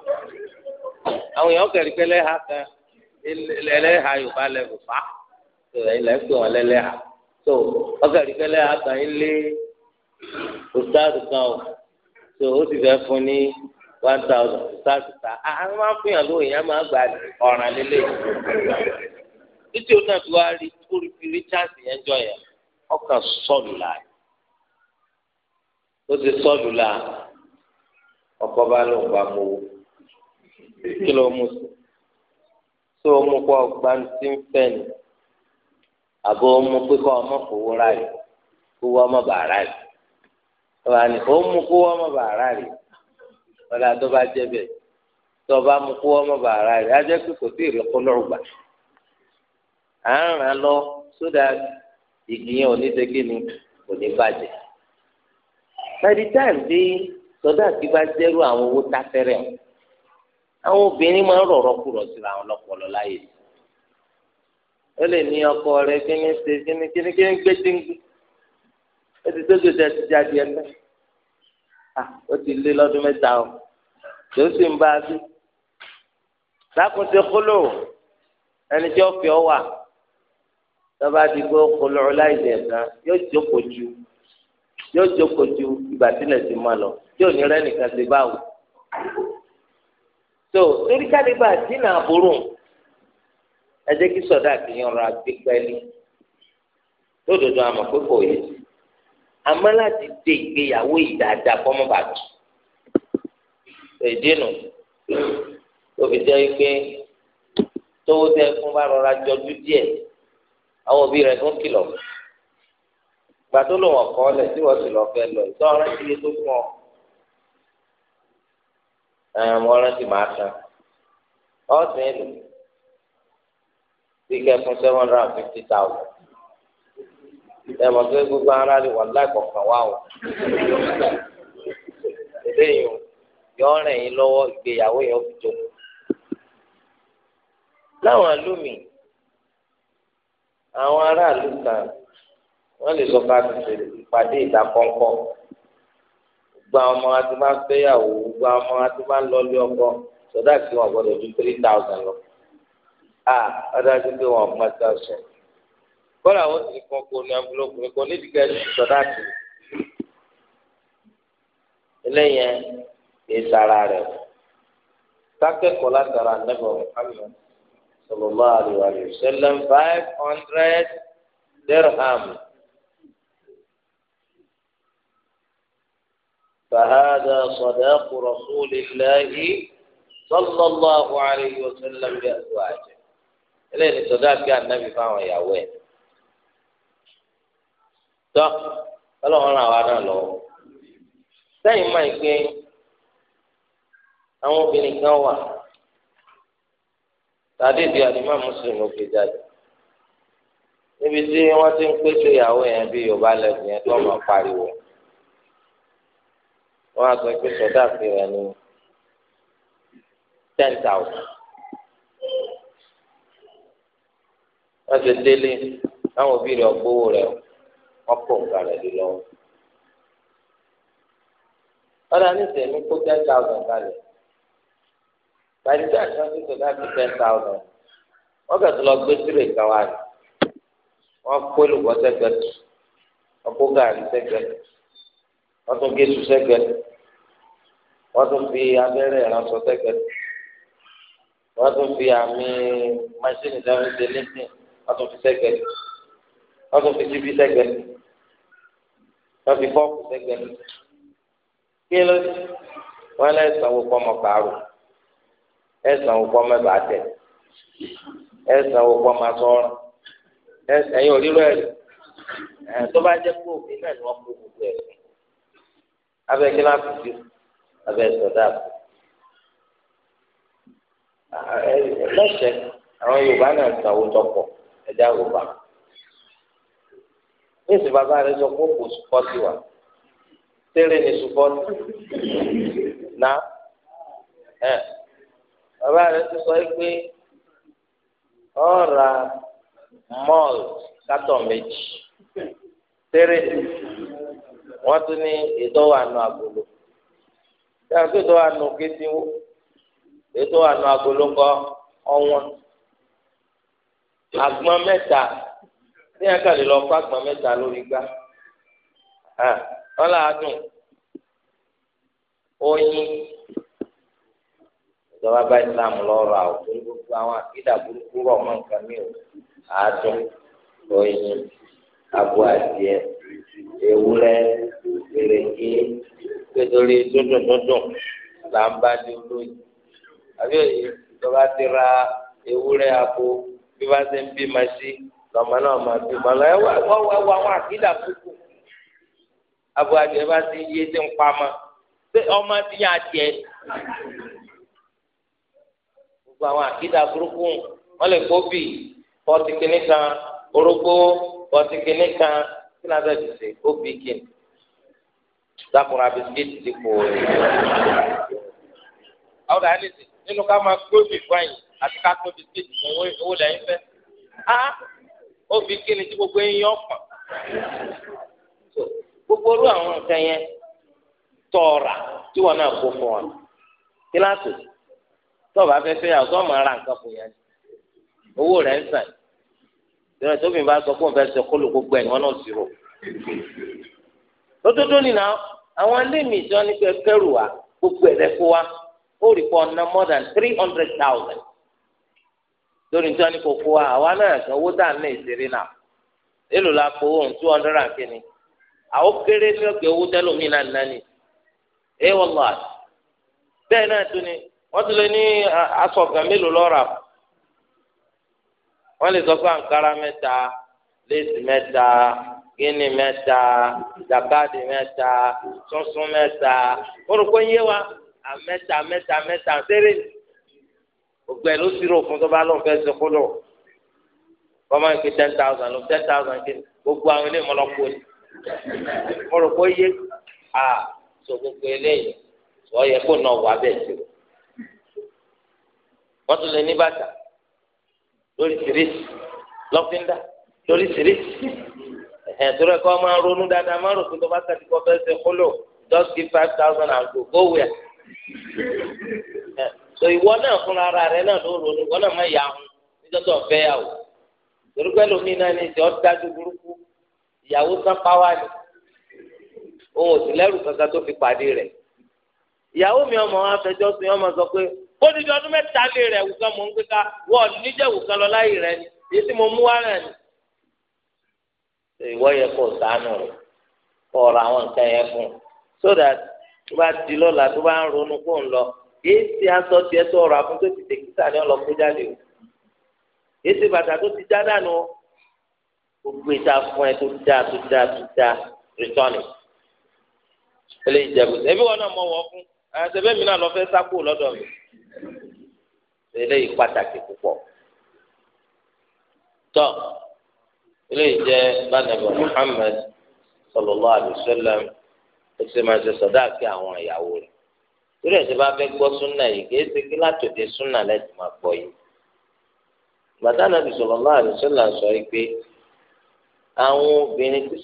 àwọn èèyàn kẹ̀rí pé lẹ́hà kan lẹ́hà yorùbá lẹ́hùn fà ilẹ̀ ń pè wọ́n tó ọkẹ̀rí pé lẹ́hà kan ilé ustaadu kan o so ó ti fẹ́ fún ní one thousand ustaadu ta a máa fún yàn lóyún yẹn máa gba ọ̀ràn lélẹ̀ títí o náà fi wá rí orí fi rí chance yẹn jọ yẹn ọkàn sọ̀lù la o ti sọ̀lù la ọkọ bá lóun bá mú o kí ló mú sí tó o mú kó ọgbà tí ń fẹ́ ni àbó o mú pé kó ọmọ fowó ráyè kó wọ́n ọmọ bàá ráyè ọba ni ó mú kó wọ́n mọ̀ bàárà rè ọ̀dà tó bá jẹ́ bẹ́ẹ̀ tó bá mú kó wọ́n mọ̀ bàárà rè á jẹ́ pé kò sí ìrẹ́kọ́ lọ́rùn gbà à ń ràn lọ sódà igi yẹn ò ní segin ni kò ní bàjẹ́ by the time dé sọdá tí bá jẹ́rú àwọn owó tafẹ́rẹ́ ọ̀ àwọn obìnrin máa ń rọ̀rọ̀ kúrọ̀ síra àwọn ọlọ́pọ̀lọ́ láyè ó lè ní ọkọ rẹ kíní ṣe kíní kíní kíní gbé tí ó ti tóbi tẹ ti jáde ẹgbẹ ó ti lé lọ́dún mẹ́ta o tó sì ń bá a bí lákùnṣe kóló ẹni tí ó fi ọ wà lọba di pé ó kóló láìsí ẹ̀ka yóò jókòó ju yóò jókòó ju ìgbà sílẹ̀ ti máa lọ tí ò ní rẹ́ nìkan ti bá wò tó torí káde bá dínà àbúrò ẹ jẹ́ kí sọ̀dá kìí ọ̀rọ̀ àgbékẹ́lì lódodo àmọ̀ pé kò yẹ àmọ́ láti dé ìgbéyàwó yìí dáadáa kọ́ mọ́ bàtú. ìdínú òbí jẹ́ pé tówó tẹ fún bá rọra jọjú díẹ̀ àwọn òbí rẹ̀ tó kìlọ̀ gbà tó lò wọ́n kọ́ lẹ̀ tí wọ́n sì lọ fẹ́ lọ ìtọ́ ọ̀rẹ́ ti lé tó fún ọ. àwọn ọ̀rẹ́ ti máa san ọ̀sìn èlò bí kẹ́ fún seven hundred and fifty thousand ẹ mọ̀ pé gbogbo ara lè wà láìkọ̀ọ̀kan wá o eléyìí yọ ràn yín lọ́wọ́ ìgbéyàwó yẹn fi jó láwọn àlùmí àwọn aráàlú kan wọ́n lè sọ ká ti pàdé ìta kọ́ńkọ́ gba ọmọ àti máa ń fẹ́yàwó gba ọmọ àti máa ń lọlé ọkọ sọdá kí wọn gbọ́dọ̀ ju three thousand lọ. a ah, ọdọ àti pé wọn ọmọ ti sọ kọ́lá wọ́n sì kọ́ kó ní amúlòkù kó nídìí ká ẹ̀sìn sọ́dá tì í. eléyẹn ní sara rẹ̀ sákẹ́kọ̀ọ́ látara nẹ́bọ̀ Muhammad sallallahu alaihi wa sallam five hundred dirham. فهذا صداق رسول الله صلى الله عليه وسلم بأزواجه. إليه صداق كان النبي فهو يا وين. tọ́ ọlọ́run ràn wá náà lọ́wọ́ sẹ́yìn máa ń gbé àwọn obìnrin kan wà tàbí ìdí àdìmọ́ mùsùlùmí ó jáde níbi tí wọ́n ti ń pèsè ìyàwó yẹn bí yorùbá lẹ́sìn yẹn tó pariwo wọ́n á sọ pé sọ́dà fi rẹ̀ ní ten thousand ti délé wọn pọ̀ nǹkan rẹ̀ lé lọ́wọ́. ọ̀dà nísìnyí mi kó ten thousand kalẹ̀ bàdìjà àti wọn ti sọ láti ten thousand wọn kẹ̀tọ́ lọ gbé tirẹ̀ kan wá ní wọn kó olùkọ́ sẹ́gbẹ̀tì wọn kó gàrí sẹ́gbẹ̀tì wọn tún gé su sẹ́gbẹ̀tì wọ́n tún fi abẹ́rẹ́ ìránṣọ tẹ́gẹ̀ẹ́ wọ́n tún fi àmì máṣíìnì sẹ́wọ́n ṣe lẹ́sìn wọ́n tún fi tẹ́gẹ̀ẹ́ wọ́n tún fi síbi tẹ́gẹ̀ẹ́ wọn fi bọ́ọ̀kù sẹ́gbẹ́ mi kí ló dé wọn lẹ sanwó kọmọ kàrò ẹ sanwó kọmọ bàtẹ ẹ sanwó kọmọ sọ̀rọ̀ ẹ ẹyin òrírọ ẹ ẹ tó bá jẹ kó òbí náà ni wọn kó gbogbo ẹ abẹ kí láti fi abẹ sọdá ẹ lẹsẹ àwọn Yorùbá náà sanwó tọpọ ẹ Yorùbá. e bàbá rẹ sọ pé kò sùpọ́tì wà tẹ́lẹ̀ ní sùpọ́tì bàbá rẹ ti sọ pé ọ̀ra mọ́ọ̀lù kátọ̀ méjì tẹ́lẹ̀ wọ́n tún ní yàrá tó kọ́ ní àkàlè lọ fàgbọn mẹ́ta lórí gbá wọn là á dùn oyin ìjọba bá ìsìlámù lọ́rọ̀ àwọn gbogbo àwọn àkídà burúkú rọ̀ mọ́ nǹkan mi ò àádùn oyin abo adìẹ ewúrẹ́ ìrèké pétorí dúndùn dúndùn là ń bá di olóyin àbí ìjọba ti ra ewúrẹ́ abo bí wọ́n ti ń bí ma sí lọmọ náà máa fi bọ lọ ẹwà ẹwà ẹwà àwọn àkìdá kúkú abuadìẹ bá ti yé ti ń pamọ́ pé ọmọ ti yàn jẹ gbogbo àwọn àkìdá burúkú wọn lè kó bì pọtì kìnnì kan orógbó pọtì kìnnì kan kí ló ń bẹ̀rẹ̀ ṣe ó bì kìnnì dákùnrin abisikíìtì ti kò rè àwọn ọ̀dà ẹni nínú ká máa kó bì fún àyìn àti ká tó bisikíìtì fún owó lẹ́yìn fẹ́ ó fi kí ni tí gbogbo yín yọ pọ̀ gbogbo orú àwọn nǹkan yẹn tọ̀ọ̀rà tí wọn náà kó fún wa kíláàsì tọ́ọ̀bà fẹ́ fẹ́ yàtọ̀ ọmọ ara nǹkan fún yẹn owó rẹ̀ ń sàn ìrẹsì tóbi bá sọ pé òun fẹ́ sọ kó ló gbogbo ẹ̀ ni wọ́n náà sì rò lótótó nìyà àwọn ẹlẹ́mìí ní kẹrù wa gbogbo ẹ̀ lẹ́kọ́ wa ó rí pọ̀ ọ̀nà more than three hundred thousand lórí nítorí ní kókó wa àwa náà san owó dà ní ìṣeré náà èlò la kó ohun two hundred and kìíní àwọn kéré ní ọgbẹ owó tẹlómi náà nání ẹ wọ́n lọ àti bẹ́ẹ̀ náà tún ni wọ́n ti lè ní aṣọ ọ̀gá mélòó lọ́ra wọ́n lè sọ àǹkárá mẹ́ta léèsì mẹ́ta gíní mẹ́ta jàkáàdì mẹ́ta wa àmẹ́ta mẹ́ta mẹ́ta gbogbo ẹ ló sì rò fún tó bá lóun fẹ́ ṣe kóló kọ́mọ́ ten thousand ló ten thousand kí gbogbo àwọn eléyìí mọ́lọ́kọ́ ni mo rò pé yé a so gbogbo eléyìí sọ yẹ kó nà wà bẹ́ẹ̀ sí o wọ́n tún lè ní bàtà lórí sírìsì lọ́fíńdà lórí sírìsì ẹ̀ tó rẹ̀ kọ́ máa ronú dáadáa máa rò pé tó kàdí kọ́ fẹ́ ṣe kóló just give five thousand and go go where so ìwọ náà fúnra ara rẹ náà ló ronú ìwọ náà má yà hùn nítorí ọ̀fẹ́ yà wò torípé lómi náà ní ìṣe ọ̀dájú burúkú ìyàwó sápá wà ní òun ò sì lẹ́rù kankan tó fi pàdé rẹ̀ ìyàwó mi ọmọ wa fẹjọ́ sùn ọmọ sọ pé ó ní bí ọdún mẹ́ta lé rẹ̀ wùkan mò ń gbé ká wọ́n níjẹ́ wùkan lọ láyé rẹ̀ ni èyí tí mo mú wá rẹ̀ ni. ìwọ yẹ kó sànù rẹ̀ kó ọ̀rọ̀ àwọn nǹkan yẹn fún un so that tó bá di lọ́la tó bá ń ronú kó ń lọ èyí ti aṣọ tiẹ̀ tó ọ̀rọ̀ àfún tó ti tẹ̀kítà ní ọlọ́kú jáde o èyí ti bàtà tó ti já dànù gbogbo ìta fún ẹ tó dáa tó dáa tó dáa rìtọ́nì ilé ìjẹ̀bù ẹbí wọn náà mọ wọn fún àtẹ̀bẹ́ mi náà lọ fẹ́ sákò lọ́dọ̀ mi eléyìí pàtàkì púpọ̀ tọ́ ilé ìjẹ́ bánàbọ̀ Muhammad sallallahu alaihi wasallam ó sì máa ṣe sàdáàkì àwọn ìyàwó rẹ̀. torí ẹ̀sìn bá fẹ́ gbọ́ súnà yìí kì í ṣe kí látòdì súnà lẹ́sìn máa gbọ́ yìí. bàtà nàbì sallallahu alaihi wasallam sọ pé àwọn obìnrin kí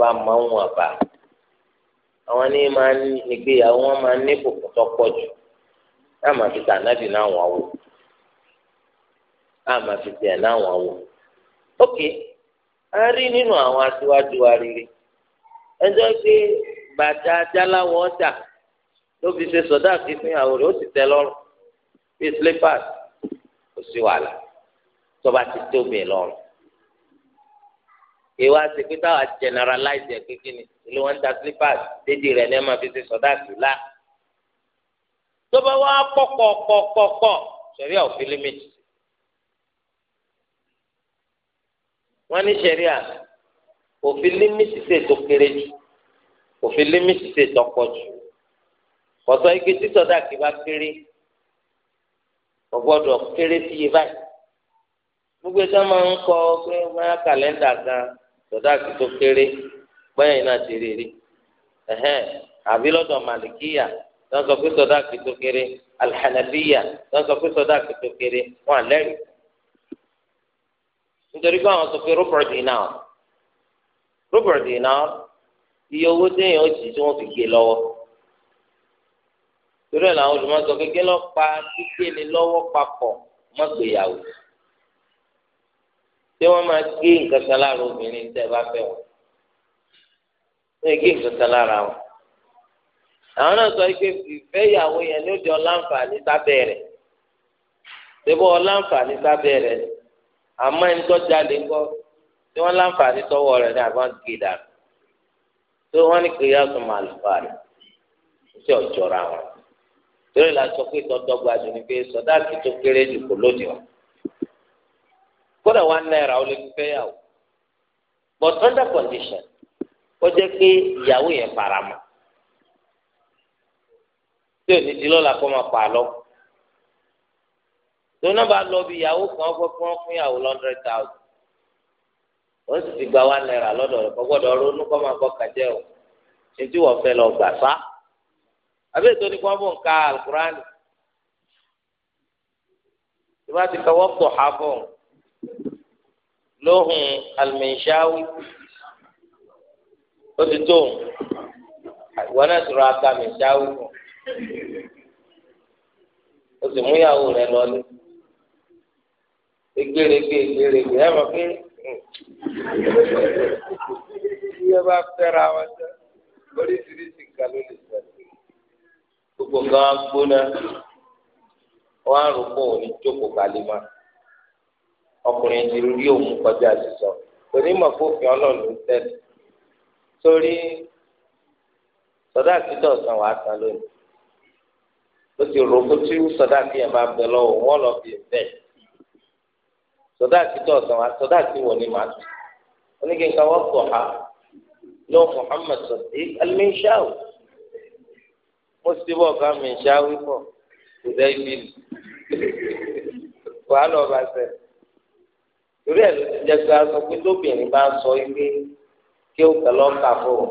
bá máa ń bá àwọn máa ń nígbéyàwó wọn máa ń ní kòkò tó jù fi náà wò fi tẹ̀ náà wò. ok a rí nínú àwọn aṣíwájú wa rere ẹjọ́ pé bàtà jáláwọ̀ ló fi ṣe sọdá kí fún ìyàwó rẹ̀ ó sì tẹ́ lọ́rùn bíi slippers kò sí wàhálà tọba ti tóbi lọ́rùn ìwà ti pé táwa generalize ẹ kékeré ni ìlú wọn ń ta slippers dédì rẹ̀ ní ẹ máa fi ṣe sọdá sí la tọba wa pọpọpọpọ sẹrí òfin limit wọn ní sẹrí à òfin limit ṣe tó kéré jù òfin limit ṣe tó pọ̀ jù kọsọ ike títọ dà kí bá kéré ọgbọdọ kéré sí iye báyìí gbogbo ẹjọ máa ń kọ pé báyà kàlẹ́ndà gan sọdá kí tó kéré báyìí náà ti rí rí ẹhẹn àbí lọ́dọ̀ màlìkíyà wọn sọ pé sọdá kí tó kéré alhànàbíyà wọn sọ pé sọdá kí tó kéré wọn àlẹrìí nítorí pé àwọn sọ pé rúbọ̀rù dìínà rúbọ̀rù dìínà iye owó téèyàn ó jì tí wọn fi gé lọ́wọ́ torí ẹ̀ làwọn olùmọ̀sọ kékeré lọ pa kíkéni lọ́wọ́ papọ̀ mọ́gbéyàwó tí wọ́n máa gé nǹkan kan lára obìnrin tẹ́ ẹ bá fẹ́ wọn wọ́n gé nǹkan kan lára wọn àwọn náà sọ pé ìfẹ́yàwó yẹn ló jọ láǹfààní sábẹ́ rẹ̀ débò láǹfààní sábẹ́ rẹ̀ àmọ́ ẹni tó jalè ńkọ́ tí wọ́n láǹfààní tọwọ́ rẹ̀ ní àbá gé dànù tó wọ́n ní kéèyàn tó máa lù fà rẹ̀ tí ò wọn torí la sọ pé tọ́dọ́gba jù ni pé sọdáàkì tó kéré jù kò lónìí wa kódà one náírà ó lè fi fẹ́ yàwó but under condition ó jẹ́ pé ìyàwó yẹn fara mọ́ tí ò ní di lọ́la kó máa pa lọ tó náà bá lọ bí ìyàwó kan fọ́ fún fún ìyàwó hundred thousand ó sì ti gba one náírà lọ́dọ̀ rẹ̀ kọ́ gbọ́dọ̀ ronú kọ́ máa kọ́ kàjẹ́ o ṣe tí wọ́n fẹ́ lọ gbà sá àbí ètò oníkan bò ń ka alukurani tí wọ́n ti kọ́wọ́ pọ̀ ha bọ̀ lóhùn alimẹ̀ṣáwí ó ti tó ìwọ náà ti rọ aka mẹ̀ṣáwí fún o sì mú ìyàwó rẹ lọlé egberegbe egberegbe ẹ mọ̀ pé iye hmm. bá fẹ́ra wọn tẹ oríṣiríṣi nǹkan ló lè ṣẹlẹ̀ gbogbo nǹkan á gbóná wọn á rò pé òun ní jókòó kalẹ̀ mọ́ ọkùnrin ti rí òun kọjá sísọ onímọ̀ fòfin ọlọ́run tẹ́lẹ̀ sórí sọdá àtijọ́ ọ̀sán wàá san lónìí ó ti rò kó tí sọdá àtijọ́ bá bẹ lọ́wọ́ wọn lọ fi bẹ́ẹ̀ sọdá àtijọ́ wàá sọdá àtiwọ̀ ni màá tù oníkẹ́ńkà wọ́n kọ̀ ha lọ́wọ́ Muhammad sọ̀tì alminshau mo ti bọ̀ ká mi ṣá wípọ̀ kò dẹ́ ibi mi wàá lọ bá sẹ torí ẹ ló ti jẹ pé aṣọ pé tóbìnrin bá ń sọ wípé kí ó kẹ lọ kà fún ọ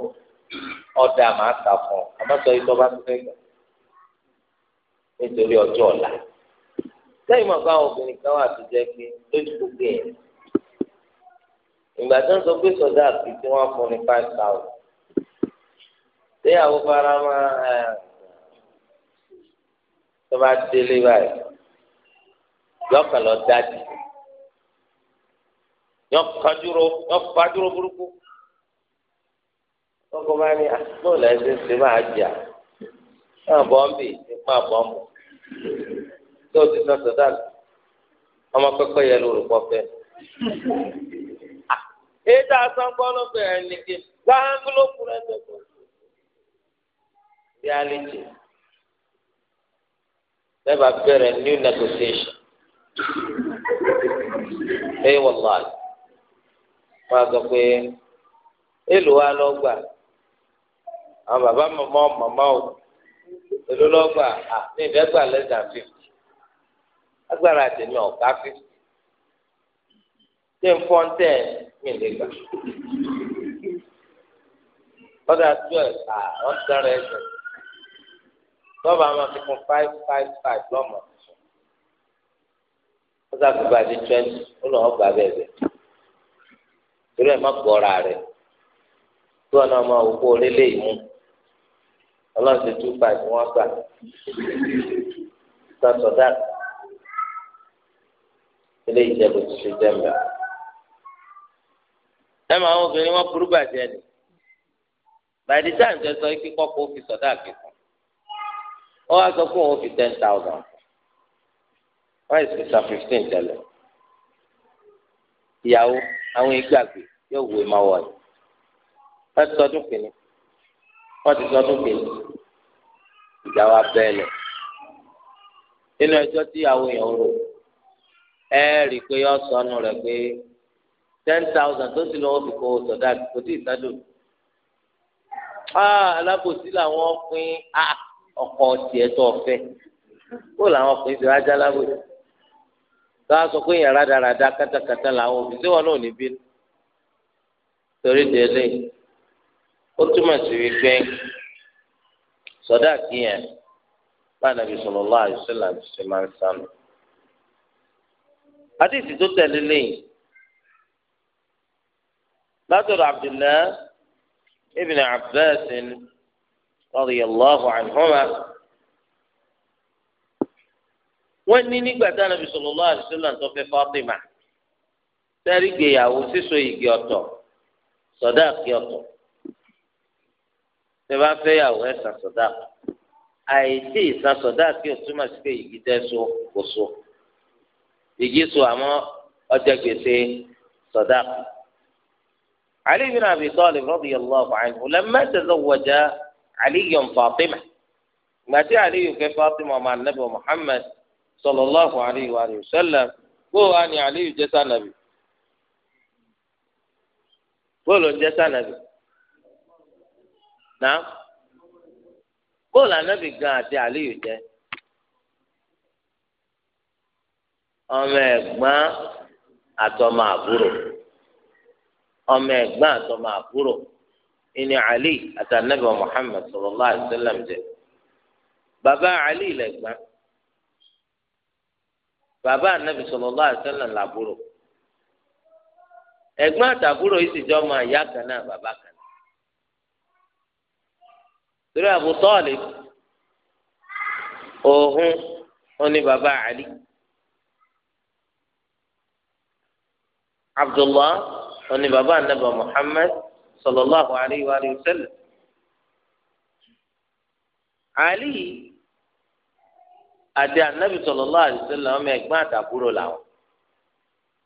ọdà máa kà fún ọ àmọ́ sọ yìí tó bá tó fẹ́ gbà nítorí ọjọ́ ọ̀la lẹ́yìn mọ̀ káwọn obìnrin kan wà tó jẹ́ pé lójú gbogbo yẹn ìgbà tó ń sọ pé sọdá àti tí wọ́n fún ní five thousand ṣé àwọn fara máa tó bá délé báyìí yọkàn lọ dájú yọkàn dúró yọkàn dúró burúkú tọkọ bá ní àtúntò ah, lẹsẹ ṣe máa jà náà bọ́m̀bì nípa bọ́m̀bù tó ti sọ sọdá ọmọ pẹpẹ yẹ lóru pọfẹ. Ah, èyí tá a san bọ́ọ̀lù bẹ̀rẹ̀ nìke gbáhángbó ló bí a jẹ sẹ́bà bẹ̀rẹ̀ new negotiation ẹ wọ láàyè wọ́n á sọ pé èlò wa lọ gbà àwọn bàbá màmá màmá o èlò lọ gbà à ní ìdẹ́gbà less than fifty agbára àtẹ̀mí ọ̀gá fifty ṣé n fọ́n tẹ̀ mí lè gbà ọ̀dà twelve à ọ̀dà rẹ̀ ẹ̀sẹ̀ lọ́ba máa fi kún five five five lọ́mọ tuntun ó sàkóbá di twenty ó lọ́ ọgbà bẹ́ẹ̀ bẹ́ẹ̀ torí ẹ̀ má gbọ́ra rẹ̀ tí wọn náà máa wò kó orílẹ̀ yìí mú ọlọ́run ti two five wọ́n gbà sọ́sọ́dá ilé ìjẹ́bù ti ṣe jẹ́ mbà. ẹ máa ń obìnrin wọn burú bàjẹ́ ni bàdí sáà ń jẹ sọ ikú kọ́kọ́ fi sọ̀dá àkẹ́kọ̀ọ́ wọ́n wá sọ pé òun fi ten thousand wọ́n sì san fifteen tẹ́lẹ̀ ìyàwó àwọn ìgbàgbé yóò wé máa wọ̀ ẹ́ wọ́n ti sọdún kìíní wọ́n ti sọdún kìíní ìjà wa bẹ́ẹ̀ lẹ̀ nínú ẹjọ́ tí ìyàwó yẹn rò ẹ rí i pé yọ sọnù rẹ̀ pé ten thousand tó sì lọ́wọ́ fi kó o sọ̀dá kò tí ì sádùn. Ah, alábòsí làwọn pín áà. Ah, ọkọ tiẹ̀ tó ọ̀fẹ́ kó làwọn ọkùnrin ti rájá lábòjì tó a sọ pé yẹn rádaràda kátàkátà làwọn òbí tí wọn náà ní torí délé ó túmọ̀ sí wípé sọdá kíyàn bá nàbí sallallahu alaihi wasallam ṣe máa ń sànù. àdìsí tó tẹ̀lé lẹ́yìn radiyallahu anhuma wọ́n ní nígbà tí anabi sallallahu alaihi wasallam tó fẹ́ Fatima sẹ́rí gbéyàwó sísọ ìgì ọ̀tọ̀ sọ̀dáàkì ọ̀tọ̀ tẹ́ bá fẹ́ yàwó ẹ̀ sàn sọ̀dáàkì àìsí ìsàn sọ̀dáàkì ò túmọ̀ sí pé ìgì tẹ́ so kò so ìgì so àmọ́ ọjà gbèsè sọ̀dáàkì. Ali bin Abi Talib radiyallahu anhu lamma tazawwaja. aliyu fatima gbàtí aliyu fẹ́ fatima ọmọ anabi muhammad sallallahu alayhi wa sallam bó a ní aliyu jẹ́ sànàbì bó ló ń jẹ́ sànàbì náà gan àti aliyu ọmọ ẹ̀gbọ́n àtọmọ àbúrò ọmọ ẹ̀gbọ́n àtọmọ àbúrò. ìní ali àti anabi muhammed sallallahu alayhi wa sallam jẹ bàbá ali lẹ́gbọ́n bàbá anabi sallallahu alayhi wa sallam làbúrò ẹ̀gbọ́n àtàbúrò yìí sì jọ ọmọ ìyá kan náà bàbá kan náà torí Abu Talib òhun ó ní bàbá ali abdullah ó bàbá anabi muhammed. sallallahu alayhi wa sallam. Ali àti anabi sallallahu alayhi ọmọ ẹ̀gbọ́n àtàbúrò làwọn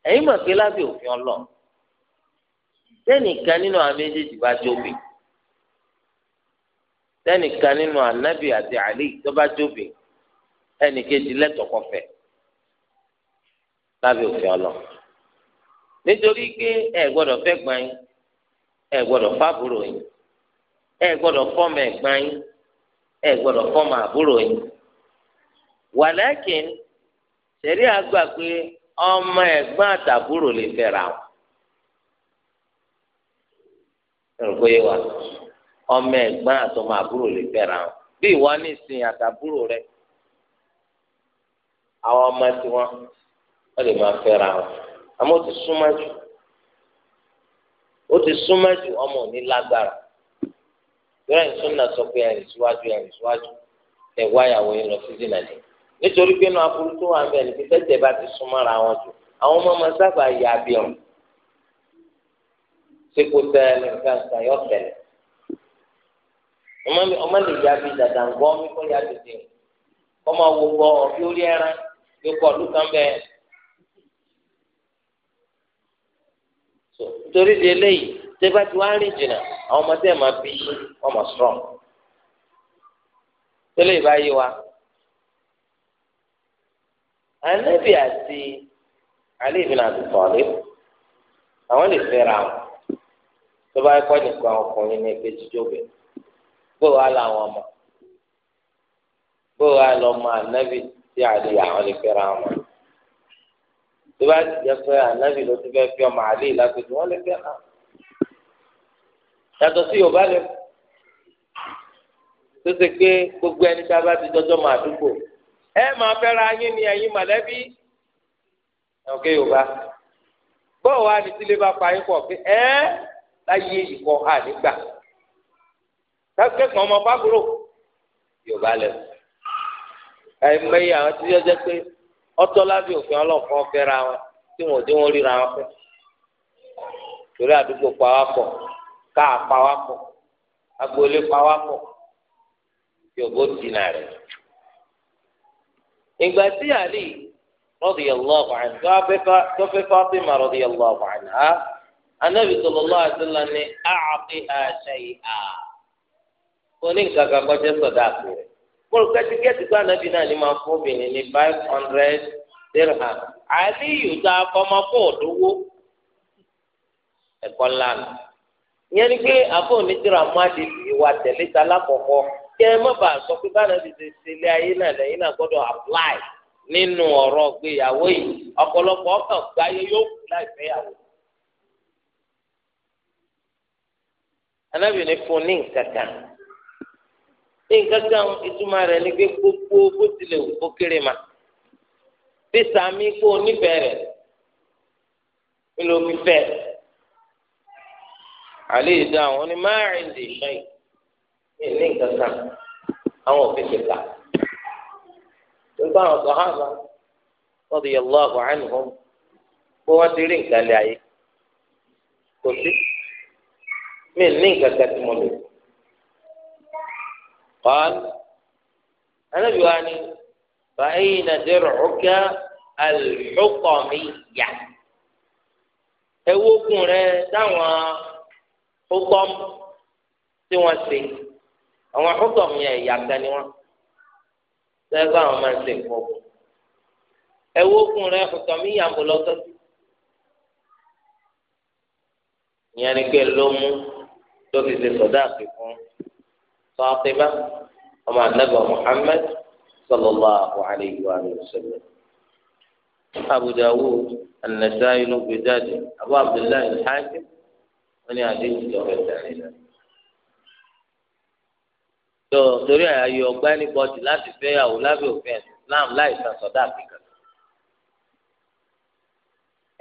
ẹ̀yin mọ̀ pé òfin ọlọ́ nínú àwọn méjèèjì bá jóbi tẹ́nìkan nínú anabi àti Ali tó bá jóbi ẹ gbọ́dọ̀ fábùrò yín ẹ gbọ́dọ̀ fọ́mọ ẹ̀gbọ́n yín ẹ gbọ́dọ̀ àbúrò yín àgbà pé ọmọ ẹ̀gbọ́n àtàbúrò lè fẹ́ra wọn. ẹ̀rù wa ọmọ àtọmọ àbúrò lè fẹ́ra wọn bí àtàbúrò ó ti súnmọ́ jù ọmọ ò ní lágbára ìrẹ́ ìsúná sọ pé ẹ̀rì síwájú ẹ̀rì síwájú ẹ̀ wáyàwó yín lọ sí dínà ní nítorí pé inú aburú tó wà ń bẹ̀ níbi tẹ́tẹ̀ bá ti súnmọ́ra wọn jù àwọn ọmọ ọmọ sábà yà á bí ọ̀run sepo tẹ nǹkan kan yọ tẹlẹ ọmọ mi ọmọ lè ya bi dada ńgbọ́ mi kọ́ ya dùn dín ọmọ wo gbọ́ ọ̀bí orí ẹran yóò kọ́ ọdún kan bẹ́ẹ̀. torí di eléyìí tẹ́gbà tí wọ́n á rìn jìnnà àwọn ọmọ anabi àti Ali àwọn lè fẹ́ra wọn tó bá kọ́ nìkan ọkùnrin ní ẹgbẹ́ jíjó bẹ̀ bó làwọn anabi tí lè tó bá ti jẹ́ pé ànábì ló ti fẹ́ fi ọmọ àlè lápẹjù wọn lè fẹ́ hàn yàtọ̀ sí yorùbá lẹ tó ṣe pé gbogbo ẹni tá a bá ti jọjọ mọ àdúgbò ẹ máa fẹ́ra yín ni ẹ̀yin mọ̀lẹ́bí ọ̀kẹ́ yorùbá bọ́ọ̀ wa ni tílé bá pa yín pọ̀ pé ẹ́ láyé ìkọ́ ànígbà kẹ́kọ̀ọ́ ọmọ bá gbúrò yorùbá lẹ ẹ̀mẹ́yà àwọn tí yọjọ́ pé ọtọlábí òfin ọlọ́pàá ọfẹra wọn tí wọn ò dé wọn ríra wọn fún torí àdúgbò káà pawápọ̀ agboolé pawápọ̀ yòbó dínà rẹ ìgbà tí àlè radiyallahu anha tó fẹ́ Fatima àṣẹ ìhà oníkàkà kọjá kólókè tíkẹ́ẹ̀tì tó ànábì náà ni máa fún obìnrin ní five hundred dirham àlíyù tá a fọmọ fún òdòwó ẹ̀kọ́ lánàá ìyẹn ni pé àbọ̀ onídìrà máa di ìwà tẹ̀lé ta lákọ̀ọ́kọ́ kẹ́ ẹ má bàa sọ pé báyìí ti ṣe ṣẹlẹ̀ ayé náà lẹ́yìn náà gbọ́dọ̀ apply nínú ọ̀rọ̀ gbéyàwó yìí ọ̀pọ̀lọpọ̀ ọkàn gbáyé yóò kú láìpẹ́ yàwó. anábìrin fún ní nǹkan kan nǹkan kan ìtumọ̀ rẹ̀ ni pé gbogbo bó tilẹ̀ wù kéré ma bí sàmì kó nífẹ̀ẹ́ rẹ̀ ńlọ fi fẹ́ àlẹ́ ìdá àwọn ni máa rìn lè ṣe é ní nǹkan kan àwọn òfin ti kà nígbà àwọn sọ̀hánà lọ́dọ̀ yẹ lọ́wọ́ àwọn àìníhùn kó rí nǹkan قال أنا بيواني فأين درعك الحطمية ewo kun rẹ táwọn hukọm tí wọn ṣe àwọn hukọm yẹn ìyàtọ̀ ni wọn sẹgbẹ àwọn máa ń ṣe nǹkan ewo kun rẹ hukọm yìnyín bọlọtọ ìyẹn ni pé ló tó fi ṣe sọdá àpè fún Fatima ọmọ anabi Muhammad sallallahu alayhi wa sallam. Abu Dawud an-Nasa'i ló Abdullahi al-Hakim wọn ni àdéhùn tó rẹ̀ sẹ́yìn náà. tó torí àyè ọgbà ní bọ́ọ̀dì láti fẹ́yàwó lábẹ́ òfin Islam láì san sọ́dá àfikà.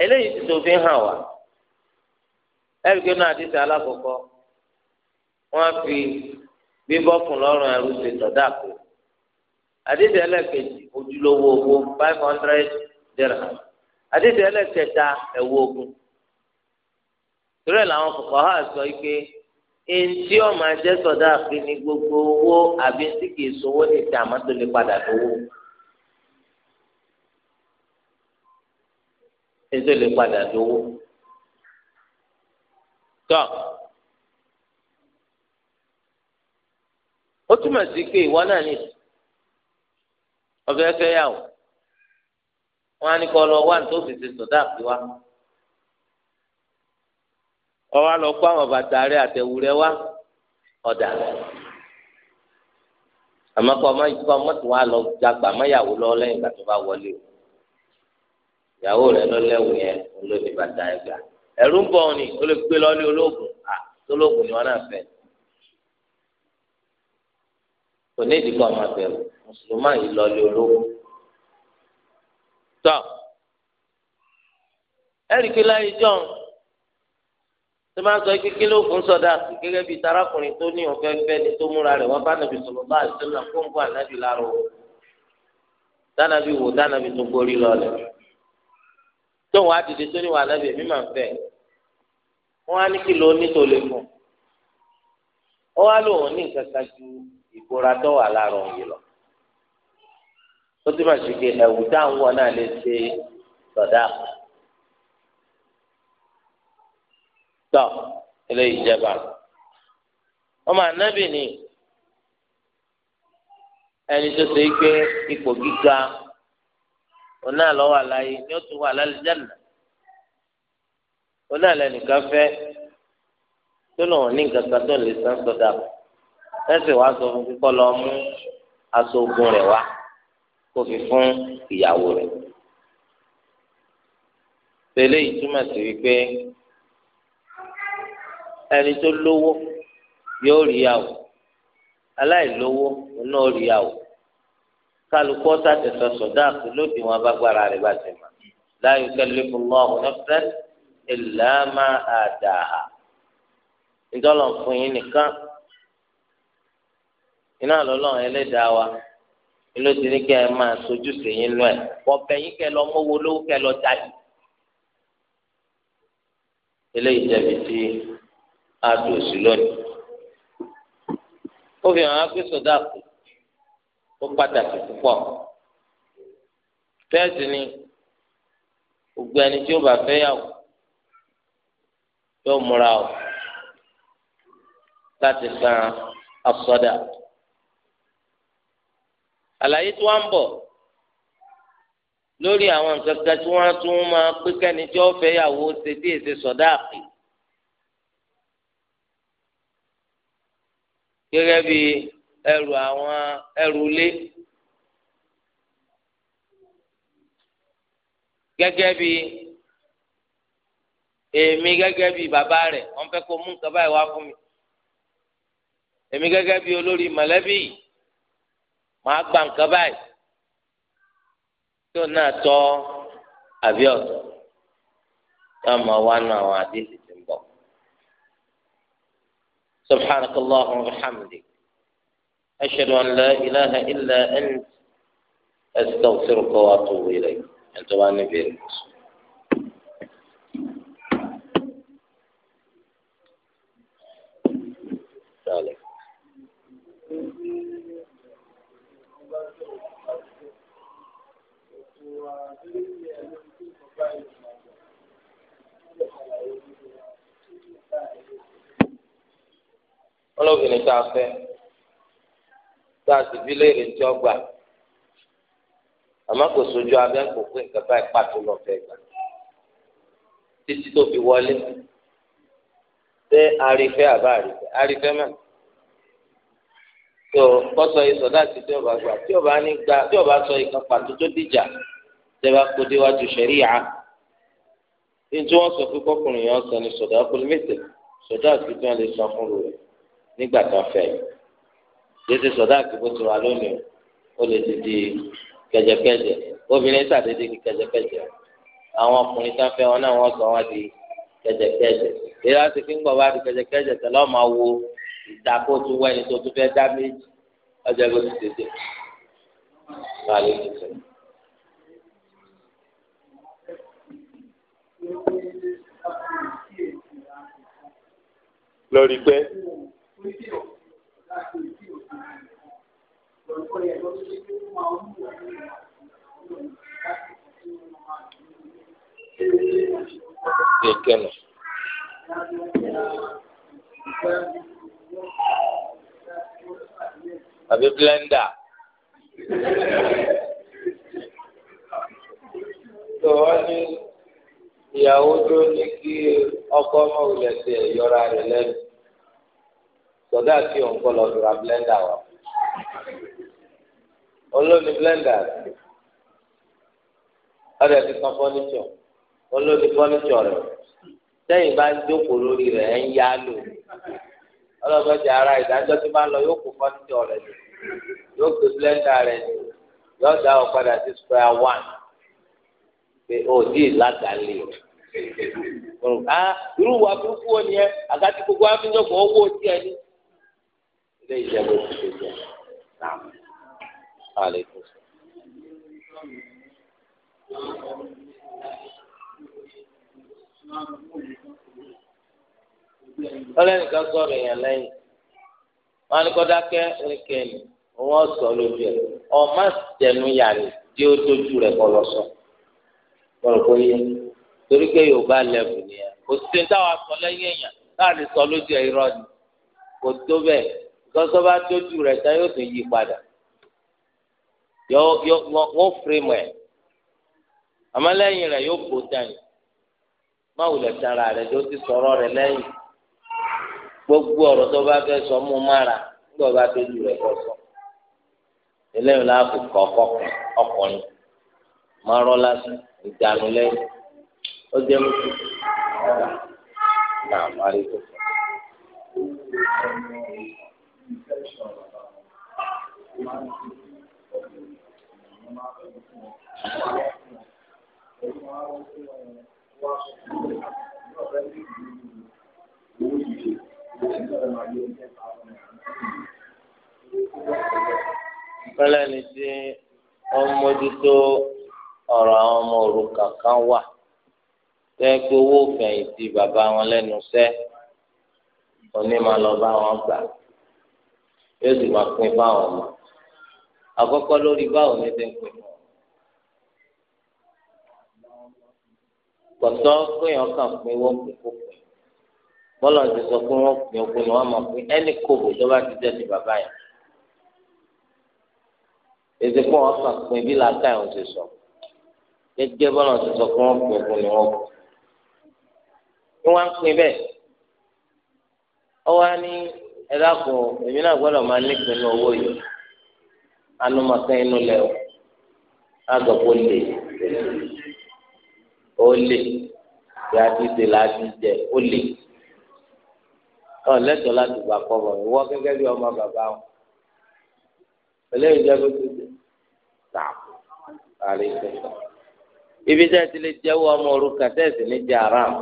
eléyìí fi bíbọ́kùn lọ́rùn ẹrú ṣe tọ́dà kù àdìsí ẹlẹ́kẹ̀jì ojúlówó owó five hundred dirham àdìsí ẹlẹ́kẹta ẹ̀wọ́ ogun tìrẹ̀ làwọn kọ̀kọ́ hà sọ pé eŋti ọmọ ajẹ́ sọ̀dá àfi ní gbogbo owó àbí tí kìí sowó ní ti àmọ́ tó lè padà lówó ètò lè padà lówó ó túmọ̀ sí pé ìwọ náà ní ọ̀fẹ́ fẹ́ yà wò wọn á ní kọ́ lọ wá ní tó fi ṣe sọ̀dá àfi wá ọwọ́ lọ kó àwọn bàtà rẹ àtẹ̀wù rẹ wá ọ̀dà àmọ́ kọ́ ọmọ yìí kọ́ ọmọ tó wá lọ jagbà mọ́yàwó lọ lẹ́yìn ìgbà tó bá wọlé o ìyàwó rẹ lọ́lẹ́wù yẹn ló ní bàtà ẹgbà ẹ̀rú ń bọ̀ ni ó lè gbé lọ́lé olóògùn à tó ni wọ́n náà fẹ́ kò ní ìdíkọ̀ ọmọ bẹ̀rù mùsùlùmá yìí lọ lé ológun. tọ́ ẹ̀ríkì láyé john tó máa ń sọ kíkí ló fún sọdá gẹ́gẹ́ bíi tarakùnrin tó ní òfẹ́ fẹ́ ni tó múra rẹ̀ wọ́n bá nàbì sọ̀rọ̀ bá àti sọ́nà kó ń bọ̀ ànábì láàrọ̀ o dánàbì wò dánàbì tó gorí lọ́lẹ̀ tóun á dìde tó níwà ànábì èmi máa ń fẹ́ wọ́n á ní kí ló ní tó lè fún un ó wá lóun ní nǹkan kan ju ìbora tó wà lára òun yìí lọ tó ti máa ṣe pé ẹ̀wù táwọn wọ̀ náà lè ṣe sọ̀dá tọ́ eléyìí jẹba ọmọ anábì ni ẹni tó ṣe gbé ipò gíga òun náà lọ́wọ́ àlàyé ni ó tún wà lálẹ́jẹ̀nà òun náà lẹ́nìkan fẹ́ tó lọ́wọ́ ní nǹkan kan tó lè san sọ̀dá kù ẹsẹ̀ wa sọ fún kíkọ́ lọ mú aṣọ ogun rẹ̀ wá kó fi fún ìyàwó rẹ̀. tẹ̀lé ìtumọ̀ sí wípé ẹni tó lówó yóò rí ìyàwó aláìlówó náà rí ìyàwó kálukú ọ̀tá tẹ̀sán sọ̀dá àti lóde wọn bá gbára rẹ̀ bá ti mọ̀ la yukallifu Allahu nafsan illa ma ataha. ìjọlọ̀ fún yín nìkan iná lọ́lọ́run ẹlẹ́dàá wa ló ti ní kẹ́ ẹ máa sojú sèyìn lọ ẹ̀ ọbẹ̀ yín kẹ́ lọ mówó lówó kẹ́ lọ jáde. eléyìí jẹ̀bi tí a dùn sí lónìí. ó fi hàn á pé sọ̀dá kù ó pàtàkì púpọ̀. bẹ́ẹ̀sì ni gbogbo ẹni tí ó bá fẹ́ yàwó yóò múra o láti san asọ́dà àlàyé tí wọ́n ń bọ̀ lórí àwọn nǹkan kan tí wọ́n tún máa pé kẹ́ni tí wọ́n fẹ́ yàwó ṣe tí èsì sọ̀dá àpè. gẹ́gẹ́ bí ẹrù àwọn ẹrù ilé gẹ́gẹ́ bí èmi gẹ́gẹ́ bí bàbá rẹ̀ wọ́n fẹ́ kó mú nǹkan báyìí wá fún mi èmi gẹ́gẹ́ bí olórí mọ̀lẹ́bí yìí màá gba nǹkan báyìí tí ó náà tọ́ àbí ọ̀tọ̀ yóò máa wá nu àwọn àdéhùn tí ń bọ̀. سبحانك اللهم وبحمدك أشهد أن لا إله إلا أنت أستغفرك وأتوب إليك أنت وأنا بيرك ọlọ́bìnrin tá a fẹ́ tá a sì fi léèrè tí ó gbà àmọ́ kò sojú abẹ́ kò pé nǹkan báyìí pàtó lọ fẹ́ gbà títí tó fi wọlé ṣé arifẹ́ àbá arifẹ́ arifẹ́ mọ́ tó kọ́sọ ìsọ̀ láti tí ọba gbà tí ọba ní gbà tí ọba sọ ìkan pàtó tó dìjà tẹ́ bá kó déwájú ṣẹ̀ríyà ní tí wọ́n sọ pé kọkùnrin yẹn sọ ní sọ̀dọ̀ ọkùnrin mẹ́tẹ̀ẹ́ sọdọ àti tí wọn lè san fún rẹ nígbà tó fẹ́ yéésì sọdá àkókò tó wà lónìí ó lè ti di kẹjẹkẹjẹ obìnrin sàdédé di kẹjẹkẹjẹ àwọn ọkùnrin tó fẹ́ wọn náà wọ́n sọ wọn di kẹjẹkẹjẹ èyí láti fi ń gbọ́ bá di kẹjẹkẹjẹ tẹ́lẹ̀ ọmọ wo ìdákó tó wẹ ní tó tó fẹ́ dá méjì ọjọ́ bó ti tètè báyìí ti tẹ. lórí pé. Ìkẹlẹ̀. Àbí blender. Tó wọ́n ní ìyàwó tó ní kí ọkọ ọmọ òwúlẹ̀ tẹ̀ yọra rẹ̀ lẹ́nu. sọdá kí òun kọ́ lọ ra blender wa olóni blender ọ̀rẹ́ ti san fọ́níṣọ̀ olóni fọ́níṣọ̀ rẹ̀ sẹ́yìn bá ń jókòó lórí rẹ̀ ń yá lò ara ìdájọ́ tí máa ń lọ yóò kó fọ́níṣọ̀ rẹ̀ lò yóò gbé blender rẹ̀ lò yóò dá ọ sí square one pé ó dì lágàlè rẹ̀ irú wa burúkú wo ni ẹ gbogbo ni. ilé ìjẹ́bù ti ṣe jẹ́ náà wàhálà ètò sọ. ọlẹ́nìkan sọ̀rọ̀ èèyàn lẹ́yìn wọn á ní kọ́ dákẹ́ oríkèéni òun ọ̀sọ́ lójú ẹ̀ ọ̀ma tẹnu yàrá tí ó dojú rẹ̀ kọ́ lọ sọ lọ́rọ̀ kó yẹ torí pé yorùbá lẹ́bù nìyẹn kò sí ní táwọn sọ lẹ́yìn èèyàn láàrin sọ lójú ẹ̀ irọ́ ni kò tó bẹ́ẹ̀ lọ́sọ́ bá tójú rẹ̀ tán yóò tún yí padà yọ yọ wọ́n firimu ẹ̀ àmọ́ lẹ́yìn rẹ̀ yóò bó dání má tara rẹ̀ tó ti sọ̀rọ̀ rẹ̀ lẹ́yìn gbogbo ọ̀rọ̀ tó bá fẹ́ sọ mú mára nígbà bá tójú rẹ̀ sọ láàbù ọkùnrin lásán ìdánù lẹ́yìn ó jẹ́ náà má kọ́lá ni tí wọ́n mójútó ọ̀rọ̀ àwọn ọmọ òrukàn kan wà tẹ́ pé owó fẹ̀yìntì bàbá wọn lẹ́nu iṣẹ́ onímọ̀ lọ́ọ́ bá wọn gbà yóò sì máa pín fáwọn ọmọ àkọ́kọ́ lórí báwọn ní ti ń pín fún ọ kọtọ péyàn kàn pín wọn pín kó pín bọlọ ti sọ pé wọn pín okun ni wọn máa pín ẹnì kòbò tó bá ti jẹ́ bàbá yẹn èsì pé wọn kàn pín bí làákà yẹn ò ti sọ gẹ́gẹ́ bọlọ ti sọ pé wọn pín okun ni wọn pín wọn pín bẹ́ẹ̀ ọwọ á ní ẹ dákun èmi náà gbọ́dọ̀ máa nípinnu owó yìí anumọ̀kan inú lẹ̀ o agbọ̀pọ̀ lè o lè bí a ti ṣe láti jẹ o lè ọ̀lẹ́tọ̀ láti gbà kọ́bọ̀ ìwọ gẹ́gẹ́ bí ọmọ bàbá wọn eléyìí jẹ́ kó tó dé tà àrí ìṣẹ̀ṣẹ̀ ibi tẹ́ ẹ ti lè jẹ́wọ́ ọmọ òrukàn tẹ́ ẹ sì ní jẹ́ aram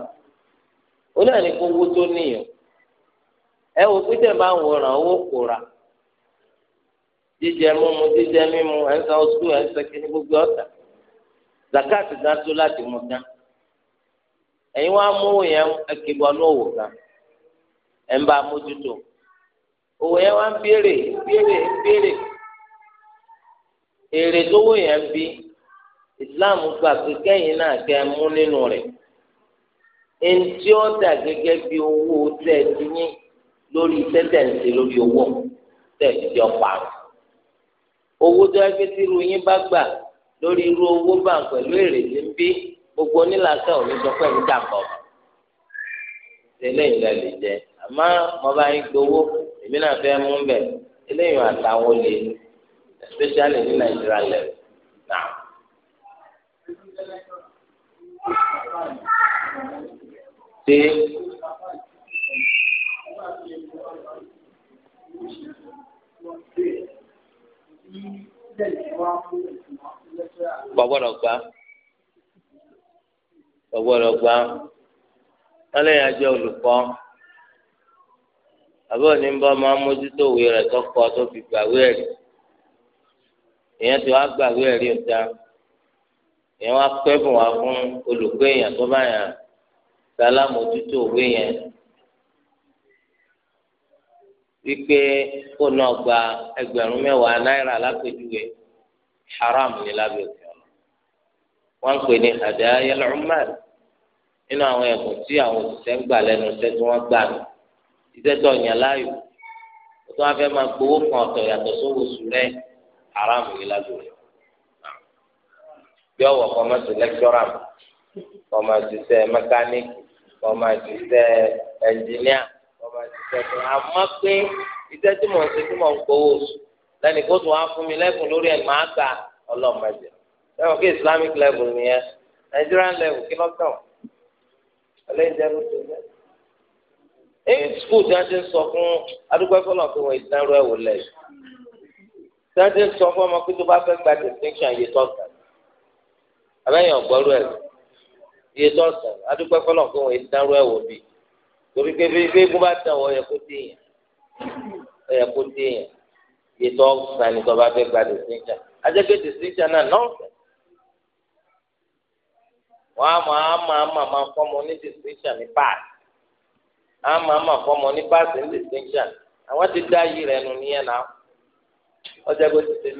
ó náà ní kó wó tó níyàn. ẹ wò pé tẹ̀ máa ń wòran owó kóra jíjẹ mímu jíjẹ mímu ẹ̀ ń san oṣù ń san kí gbogbo ọ̀sà zakati gan tó láti mú gan mú owó yẹn ní gan ń bá a mójútó yẹn ń béèrè béèrè béèrè èrè yẹn ń bí Islam gbà pé náà mú lórí sẹ́ńtẹ̀ǹsì lórí owó tẹ̀sí ti ọ̀pá rẹ̀. owó tó ẹgbẹ́ tí irú yín bá gbà lórí irú owó bá ń pẹ̀lú èrè tí ń bí gbogbo onílàákà ò ní sọ pé ń dàpọ̀. eléyìí la lè jẹ àmọ́ mo bá yín gbowó èmi náà fẹ́ mú bẹ̀ eléyìí àtàwọn olè especially ní nàìjíríà lẹ̀ náà. ṣé gbọ́dọ̀ gbá gbọ́dọ̀ gbá wọn lẹ́yìn àjọ olùkọ́ àbúrò ní bá máa mójútó òwe rẹ̀ tọkọ tó fi gbàwé ẹ̀rí èèyàn ti wá gbàwé ẹ̀rí ọjà èèyàn wá pẹ́bùn wá fún olùkọ́ èèyàn tó bá yàn sálámójútó òwe yẹn wípé kó náà gba ẹgbẹ̀rún mẹ́wàá náírà lápèjúwe haram ní lábẹ́ òfin ọ̀nà wọ́n ń pè ní hadaya al-ummal nínú àwọn ẹ̀bùn tí àwọn òṣìṣẹ́ ń gbà lẹ́nu iṣẹ́ tí wọ́n gbà ní iṣẹ́ tó yàn láàyò ó tún wá fẹ́ máa gbowó kan ọ̀tọ̀ yàtọ̀ sówó oṣù haram ní lábẹ́ òfin bí ọ̀wọ̀ kọ́ máa ṣe lẹ́kítọ́rà kọ́ máa ṣiṣẹ́ mẹkáníìkì kọ́ máa ẹnjìníà ọba ìṣiṣẹ́ tó àmọ́ pé iṣẹ́ tí mò ń ṣe tí mò ń gbowó oṣù lẹ́nu kó tún wá fún mi lẹ́kùn lórí ẹ̀ máa gbà ọlọ́mọdé lẹ́wọ̀n kí islamic level nìyẹn Nigerian level kí lọ́tàn ọlẹ́yìn jẹ́ ló ti jẹ́. èyí skul tí wọ́n ti ń sọ fún adúgbò ẹ̀fọ́ náà pé wọ́n ìdánrò ẹ̀wò lẹ̀ tí wọ́n ti ń sọ fún ọmọ pé tó bá fẹ́ gba distinction yìí tọ́sán abẹ́yẹn ọ̀gbọ́rú ẹ̀ yìí tọ́sán adúgbò ẹ̀fọ́ náà pé wọ́n ìdánrò ẹ̀wò bíi torí pé bí egun bá tàn wọ́n yẹ kó téèyàn ó yẹ kó téèyàn ètò ọ̀sán ni tó bá fẹ́ gba distinction ajẹ́pẹ́ distinction náà nọ́ọ̀sẹ̀ wọ́n a mọ̀ á mọ̀ á mọ̀ máa fọ́mọ ní distinction ní pass á mọ̀ á mọ̀ fọ́mọ ní pass ní distinction àwọn ti dá yìí rẹ̀ nù níyẹn náà ọjọ́ bó ti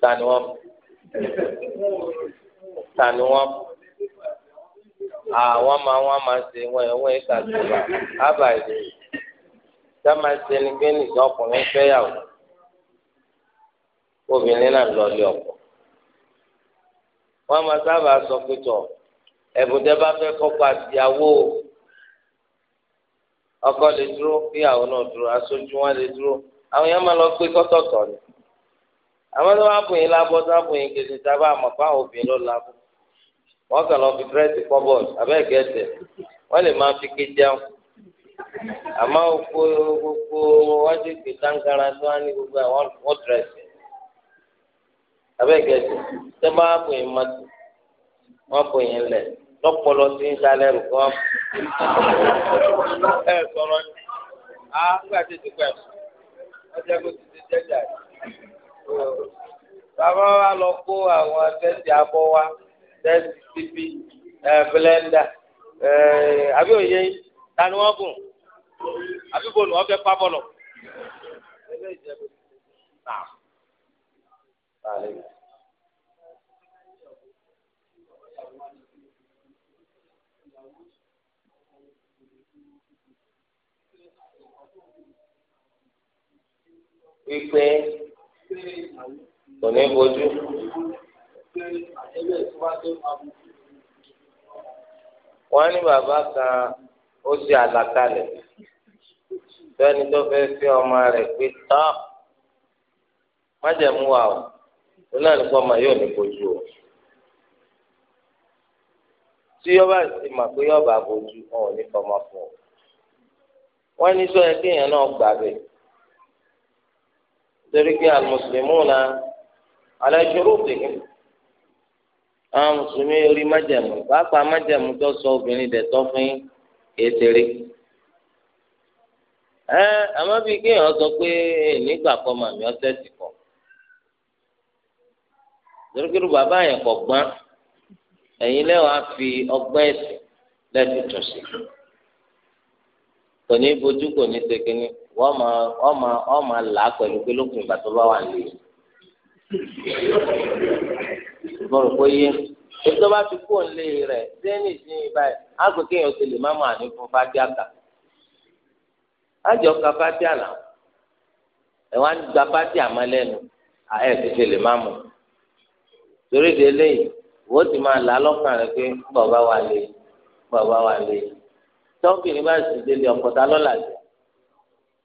tani wọn tani wọn àwọn máa wọn máa ṣe wọn ẹ wọn ẹ kà sí wa ábà ìlú sábà ṣe ni pé nìkan ọkùnrin fẹ́yàwó obìnrin náà lọ lé ọkọ wọn máa sábà sọ pé tọ ẹ̀bùn tẹ́ bá fẹ́ kọ́kọ́ àtìyàwó ọkọ lè dúró kíyàwó náà dúró aṣojú wọn lè dúró àwọn yẹn máa lọ pé kọ́tọ̀tọ̀ ni àwọn tó bá bùn yín lábọ́ tó bá bùn yín kejì tá a bá mọ̀ fáwọn obìnrin ló lábọ́ wọ́n kàn lọ fi dírẹ́sì kọ́bọ̀d abẹ́ẹ̀gẹ́sẹ̀ wọ́n lè máa fi ké jẹun àmọ́ gbogbo gbogbo wọ́n ti gbé táǹkàrà tó wá ní gbogbo àwọn wọ́n dírẹ́sì abẹ́ẹ̀gẹ́sẹ̀ tó bá bùn yín mọ́tò wọ́n bùn yín lẹ̀ lọpọlọ sí ń dalẹ rù kọ ẹ sọ̀rọ̀ ni a gba ti dùkọ ẹ ọjọ́ kó ti ti jẹjà bàbá wa lọ kó àwọn tẹsí abọ wa tẹsí tipi ẹ blender ẹ àbí òye tani wọn gùn àbí bọ́ọ̀lù ọbẹ pa bọlọ. Thank you. wípé kò ní bojú. wọ́n ní bàbá kan ó ṣe àlàkalẹ̀ tó fẹ́ fi ọmọ rẹ̀ pé tọ́ májẹ̀mú wa o lónà nípa ọmọ yóò ní bojú o tí yọba sì mà pé yọba bojú wọn ọ̀ ní fọmọ fún o wọ́n ní sọ ẹ kéèyàn torí pé al-muslimuna ala shurutihim àwọn mùsùlùmí orí májẹ̀mú pàápàá májẹ̀mú tó sọ obìnrin dẹ̀ tọ́ fún kéétéré. ẹ àmọ́ bí kéèyàn sọ pé nígbà kan màmí ọ̀sẹ̀ sì kọ̀ torí kọ̀ gbọ́n ẹ̀yin lẹ́wọ̀n á fi ọgbọ́n ẹ̀sìn lẹ́sìn tún sí kò ní bojú kò ní wọ́n máa wọ́n máa wọ́n máa là á pẹ̀lú pé lókun ìgbà tó bá wà lé mo rò pé yé bá kú sí i báyìí á mọ àní fún ka ẹ wá gba fájá mọ́ lẹ́nu ẹ ti ti lè má mọ torí de léyìí wo ti máa là á lọ́kàn rẹ̀ pé bàbá wà lé bàbá wà tọ́kì ní bá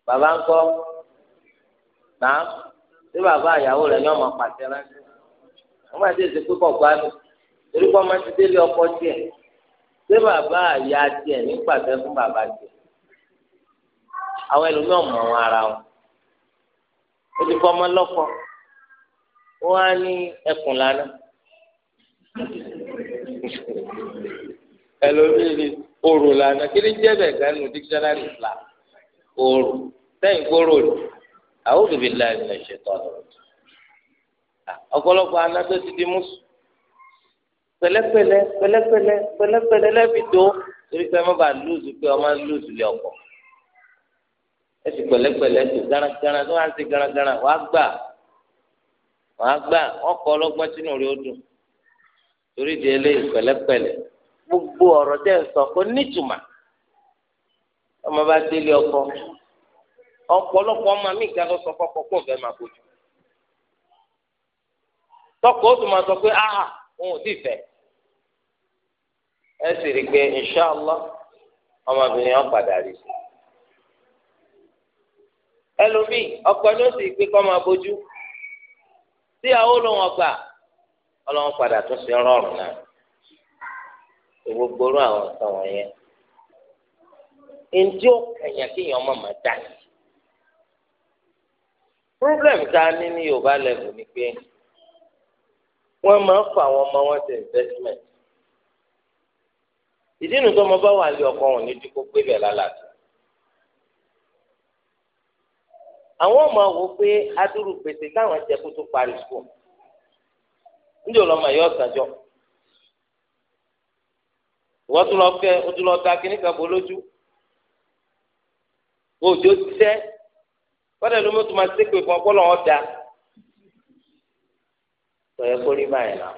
bàbá ń kọ́ náà tí bàbá ìyàwó rẹ̀ yọ̀ mọ̀ pàṣẹ rántí wọ́n máa tẹ̀sí pípọ̀ gbádùn torí kọ́ máa ti délé ọkọ tiẹ̀ tí bàbá àyà tiẹ̀ ní pàṣẹ fún bàbá tiẹ̀ àwọn ẹlòmíràn mọ̀ wọn ara wọn ó ti kọ́ ọmọ lọ́kọ wọn á ní ẹkùn lánàá ẹlòmíràn orò lánàá kí ni jẹ́ bẹ̀ gánú dictionary Islam. oòrùn sẹ́yìn kóró ni àwọn òbí la ẹ̀mí ṣe tọ́lọ̀ ọ̀pọ̀lọpọ̀ anadó ti di mùsùn pẹ̀lẹ́pẹ̀lẹ́ pẹ̀lẹ́pẹ̀lẹ́ pẹ̀lẹ́pẹ̀lẹ́ lẹ́bi tó torí pé ọmọ bá lùzù pé ọmọ lùzù lé ọkọ ẹ ti pẹ̀lẹ́pẹ̀lẹ́ tó garagara tó wá sí garagara wàá gbà wàá gbà ọkọ ọlọ́gbọ́n sínú rẹ ó dùn torí di eléyìí pẹ̀lẹ́pẹ̀lẹ́ gbogbo ọ̀rọ̀ tẹ́ sọ kó nítumà. ọmọ bá délé ọkọ ọpọlọpọ ọmọ mi ìgbà lọ sọ fọkọ máa tọkọ ó tún sọ pé aha òun ò sì fẹ́ ẹ sì rí i pé inṣàlá ọmọbìnrin sì kọ́ máa bójú tí àwọn olóhùn ọgbà ọlọ́run padà tún sí rọrùn náà gbogbo orú àwọn ntí ó kẹyìn kéèyàn ọmọ màá dá sí. problem tá a ní ní yorùbá level ni pé wọ́n máa ń fa àwọn ọmọ wọn sí investment ìdí nu tó ọmọ bá wà lé ọkọ wọn ní dúkó pé bẹ́ẹ̀ lálàtọ̀ àwọn ọmọ wò pé adúrú pèsè káwọn jẹ kó tó parí school níbi ọlọmọ yóò sàjọ ìwọ́n tún lọ fẹ́ ojú lọ ta kíníkà bó lójú. òjò tẹ́ kọ́dà ló ma máa ṣépè fún ọpọlọ ọ̀dà tọ̀yẹ kó rí báyìí náà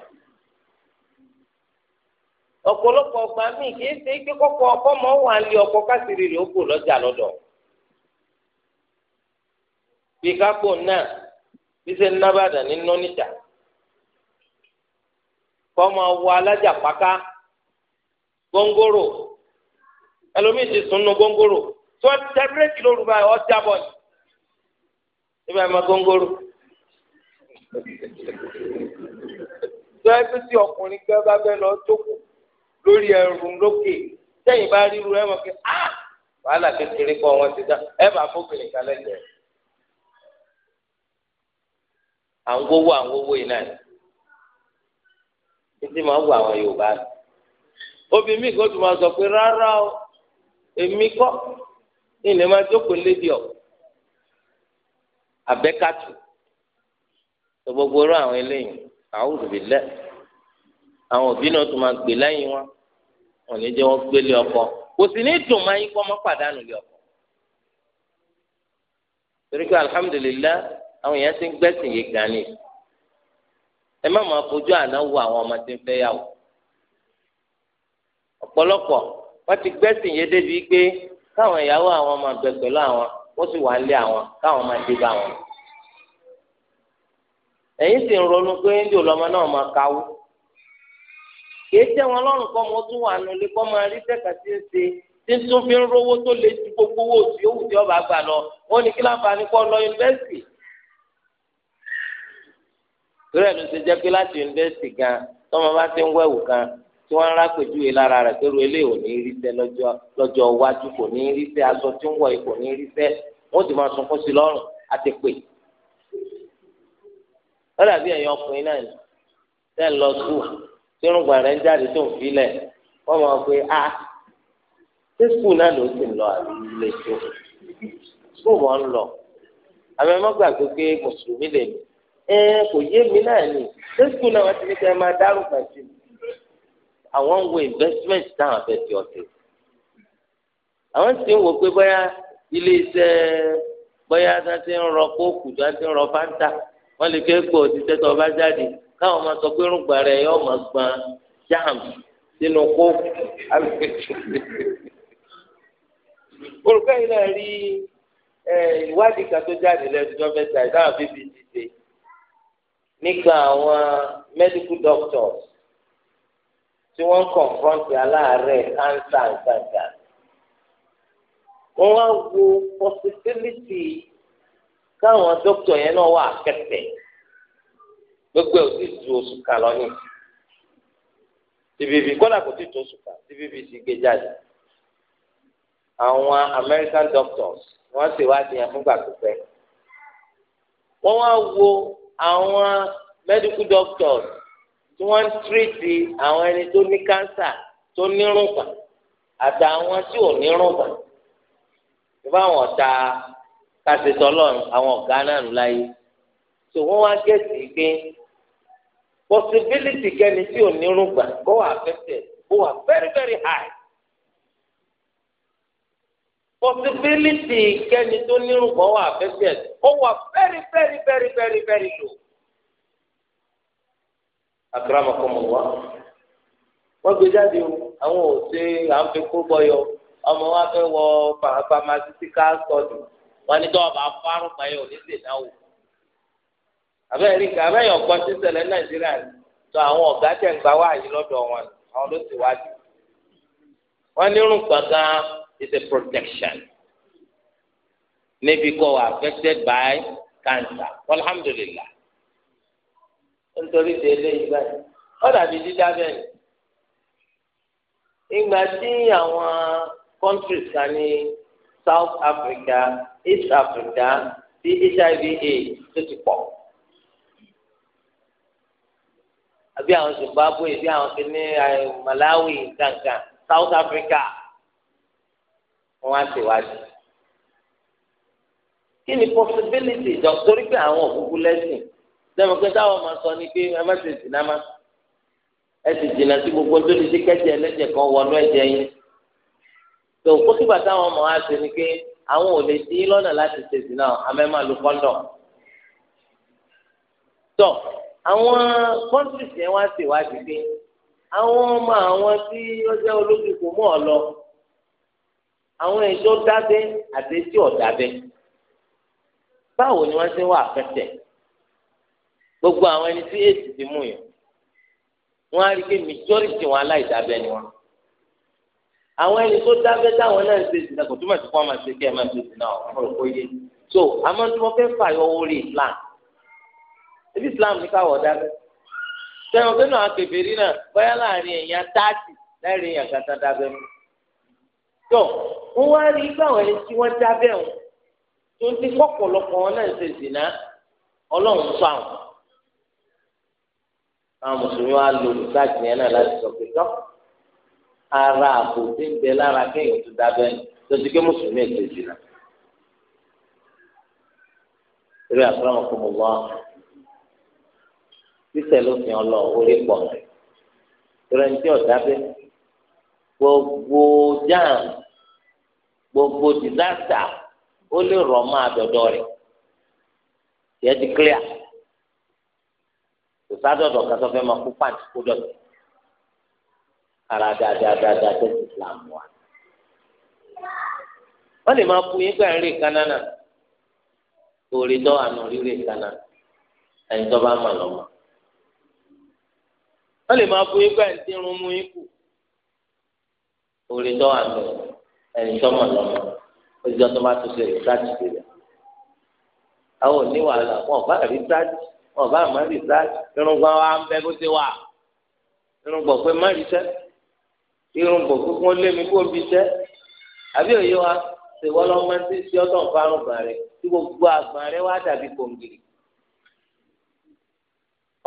ọ̀pọ̀lọpọ̀ ọgbà míì kì í ṣe pé kọ́kọ́ ọkọ́ mọ́ wà lé ọkọ káṣírí rẹ̀ ó kò lọ́jà lọ́dọ̀ bí náà bí ṣe ń kọ́ máa wọ alájà pàká tó tẹ bírèkì lóru báyìí ọ jábọ̀ ni ibà ẹ̀ máa góńgóró tó ẹgbẹ́ tí ọkùnrin gbẹ́ bá fẹ́ lọ jókòó lórí ẹrù lókè sẹ́yìn bá ríru ẹ̀ mọ̀ pé á ah! wàhálà kékeré kọ́ wọn ti dá ẹ bá fóbìnrin kan lẹ́gbẹ̀ẹ́ à ń gbowó à ń gbowó yìí náà títí máa ń àwọn Yorùbá obìnrin mi kò tún máa sọ pé rárá o èmi kọ́ ìní máa jókòó lédi ọ abẹ́kàtù tó gbogbo rú àwọn eléyìí àwùjọ bíi lẹ àwọn òbí náà tó máa gbé lẹ́yìn wọn wọn ní jẹ́ wọ́n gbélé ọkọ kò sì ní dùn máa yín kọ́ ọmọ pàdánù lé ọkọ torí pé alihamudulilayi àwọn èèyàn ti ń gbẹ́sìn yìí gan ni ẹ má máa fojú àná wo àwọn ọmọ tí ń fẹ́ yàwó ọ̀pọ̀lọpọ̀ wọ́n ti gbẹ́sìn yìí débi pé káwọn ìyàwó àwọn máa bẹ pẹ̀lú àwọn wọ́n sì wà lé àwọn káwọn máa dé bá wọn. ẹ̀yin sì ń ronú pé ńjò lọ́mọ náà máa kì í tẹ́ wọn lọ́rùn kọ́ mo tún wà nulẹ̀ kọ́ máa rí tí ń ṣe fi ń rówó tó lè ju gbogbo owó tí ó wù tí ọba gbà lọ wọn ni kí láǹfààní kọ́ lọ yunifásitì. jẹ́ pé láti ti ń wẹ̀wù tí wọ́n ń rápèjúwe lára rẹ̀ pé ru eléyìí ò ní rí sẹ́ lọ́jọ́ iwájú kò ní rí sẹ́ aṣọ tí ń wọ̀ yìí kò ní rí sẹ́ wọ́n ti máa sunkún sí lọ́rùn àti pè. lọ́dà bí ẹ̀yin ọkùnrin náà ní tẹ́ ń lọ sùn tí irun gbàrẹ́ ń jáde tó ń filẹ̀ wọ́n máa pe a ṣé sùn náà ló sì ń lọ àbí tó sùn wọ́n ń lọ. àmọ́ ẹ má pé mùsùlùmí lè ní ẹ kò yé mi náà ní ṣé sùn náà wọ́n ti ní àwọn ń wo investment táwọn fẹ́ fi ọ̀sẹ̀ àwọn sì ń wo pé bóyá ilé iṣẹ́ bóyá tí wọ́n ti ń rọ kóòkù tí wọ́n ti ń rọ fanta wọ́n lè fẹ́ pọ̀ òṣìṣẹ́ tó bá jáde káwọn máa sọ pé rúgbà rẹ̀ yóò máa gbọn jam sínú kóòkù olùkọ́ yìí náà rí ìwádìí kan tó jáde lẹ́dùjọ́ mẹ́ta ìdáhùn bíbí ti ṣe nípa àwọn medical doctors tí wọ́n ń kọ̀ǹfọ́ǹtì aláàárẹ̀ kánsà gbàgbà. Wọ́n wá wo pọ́sibílítì káwọn dókítà yẹn náà wà kẹsẹ̀. Gbogbo ẹ̀ ò sì ju oṣù kan lọ ní. TBV kọ́dà kò sì tó oṣù kan TBV sì gbé jáde. Àwọn American doctors wọ́n ṣèwádìí yẹn fúngbà pípẹ́. Wọ́n wá wo àwọn medical doctors tí wọ́n ń tírìtì àwọn ẹni tó ní kánsà tó nírùngbà àtàwọn tí ò nírùngbà ìfọ àwọn ọ̀tá kásìtọ́lọ́run àwọn ọ̀gá náà ń láyé tó wọ́n wá gẹ̀ẹ́sì pé possibility kẹ́ni tí ò nírùngbà kó wà affected kó wà very very high possibility kẹ́ni tó nírùngbà wà affected kó wà very very very very very low akramakumullah wọ́n gbé jáde o àwọn ò ṣe à ń fi kó bọ́yọ ọmọ wa fẹ́ wọ pharmaceutical study wọ́n ní tọ́wọ́ bá fárùn payọ̀ nílé náà o àbẹ́rẹ́ ìgbà àbẹ́yẹ ọ̀gbọ́n ti ṣẹlẹ̀ nàìjíríà tó àwọn ọ̀gá tẹ̀ ń gbà wá yìí lọ́dọ̀ wọn àwọn ló ti wájú wọ́n ní irun gbọ̀ngàn is a protection níbi kọ́ affected by cancer alhamdulillah nítorí ti eléyìí báyìí ó dàbí dídá bẹ́ẹ̀ ni ìgbà tí àwọn countries kan ní South Africa East Africa tí HIV AIDS tó ti pọ̀ àbí àwọn Zimbabwe bí àwọn kìíní eh, Malawi gangan South Africa wọn á ṣèwádìí kí ni possibility jọ torí pé àwọn òkúkú lẹ́sìn sẹ́mi pé táwọn máa sọ ni pé ẹ má ṣe jìnnà má ẹ sì jìnnà sí gbogbo tó ti kẹ́jẹ ẹlẹ́jẹ̀ kan wọnú ẹ̀jẹ̀ yín tó kó sígbà táwọn máa wá ṣe ni pé àwọn ò lè dín lọ́nà láti ṣe jìnnà àmẹ́ máa lu kọ́ńdọ̀ tó àwọn countries yẹn wá ṣèwádìí pé àwọn ọmọ àwọn tí ó jẹ́ olójú kò mú ọ lọ àwọn èso dábẹ́ àti tí dábẹ́ báwo ni wọ́n ṣe wà fẹ́tẹ̀ gbogbo àwọn ẹni tí èsì ti mú yàn wọn á rí pé majority wọn aláìdábẹ́ ni wọn àwọn ẹni tó dábẹ́ táwọn náà ń ṣe ìsìn náà kò túmọ̀ sí kó wọn máa ṣe kí ẹ máa ṣe ìsìn náà ọ̀rọ̀ kó yé so àmọ́ tí wọ́n fẹ́ fàyọ orí Islam ebi Islam ní káwọ̀ dábẹ́ sẹ́wọ̀n pé náà kèfèrí náà bóyá láàrin èèyàn táàtì láàrin èèyàn kàtà dábẹ́ mu tó wọ́n wá rí igbá ẹni tí wọ́n dábẹ́ wọn tó ń ti kọ́pọ̀lọpọ̀ wọn náà ń ṣe ìsìn náà ọlọ́run sọ àwọn àwọn mùsùlùmí wa lo rìsáàtì yẹn náà láti sọ pé tán ara àpò tí ń bẹ lára kéèyàn tó dábẹ́ tó ti ké mùsùlùmí ètò ìdìnnà. eré àfúráwọn kò mọ wá títẹ̀ ló fi hàn lọ orí pọ̀ rẹ̀ tí ọ̀dábẹ́ gbogbo jam gbogbo disaster ó lè rọ̀ mọ́ àdọ̀dọ̀ rẹ̀ yẹ ti clear sádọ̀dọ̀ kan tó fẹ́ máa kó pàǹtí kó dọ̀tí ara dáadáa tó ti islam wa. wọ́n lè máa fún yín gbà ń rè kánánà orí tó àná rírè kánà ẹni tó bá mà lọ́mọ. wọ́n lè máa fún yín gbà ń dínrún mú yín kù orí tó àná ẹni tó mà lọ́mọ ojú tó bá tó ṣe rè sáàtì sílẹ̀. àwọn ò wàhálà wọn ò bá rí sáàtì ọba àmọ́ rìsáàj irungba wa ń bẹ bó ti wà irungba pé má rí sẹ́ irungba kúkú lé mi kó bí sẹ́ àbí òye wa ṣèwọ́ lọ́mọ tí ṣe ọ́tọ̀ ń farun gbà rẹ̀ tí gbogbo àgbà rẹ̀ wá dàbí kòǹgìrì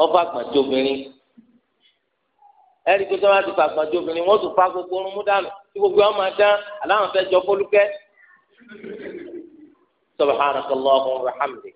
ọba àgbàjọ obìnrin ẹ̀rí pé sọ́wọ́n ti fàgbàjọ obìnrin wọ́n tún fa gbogbo orun mú dànù tí gbogbo ọmọ dán aláwọn fẹ́ jọ fọlùkẹ́ subhanakallahumma wa bihamdik.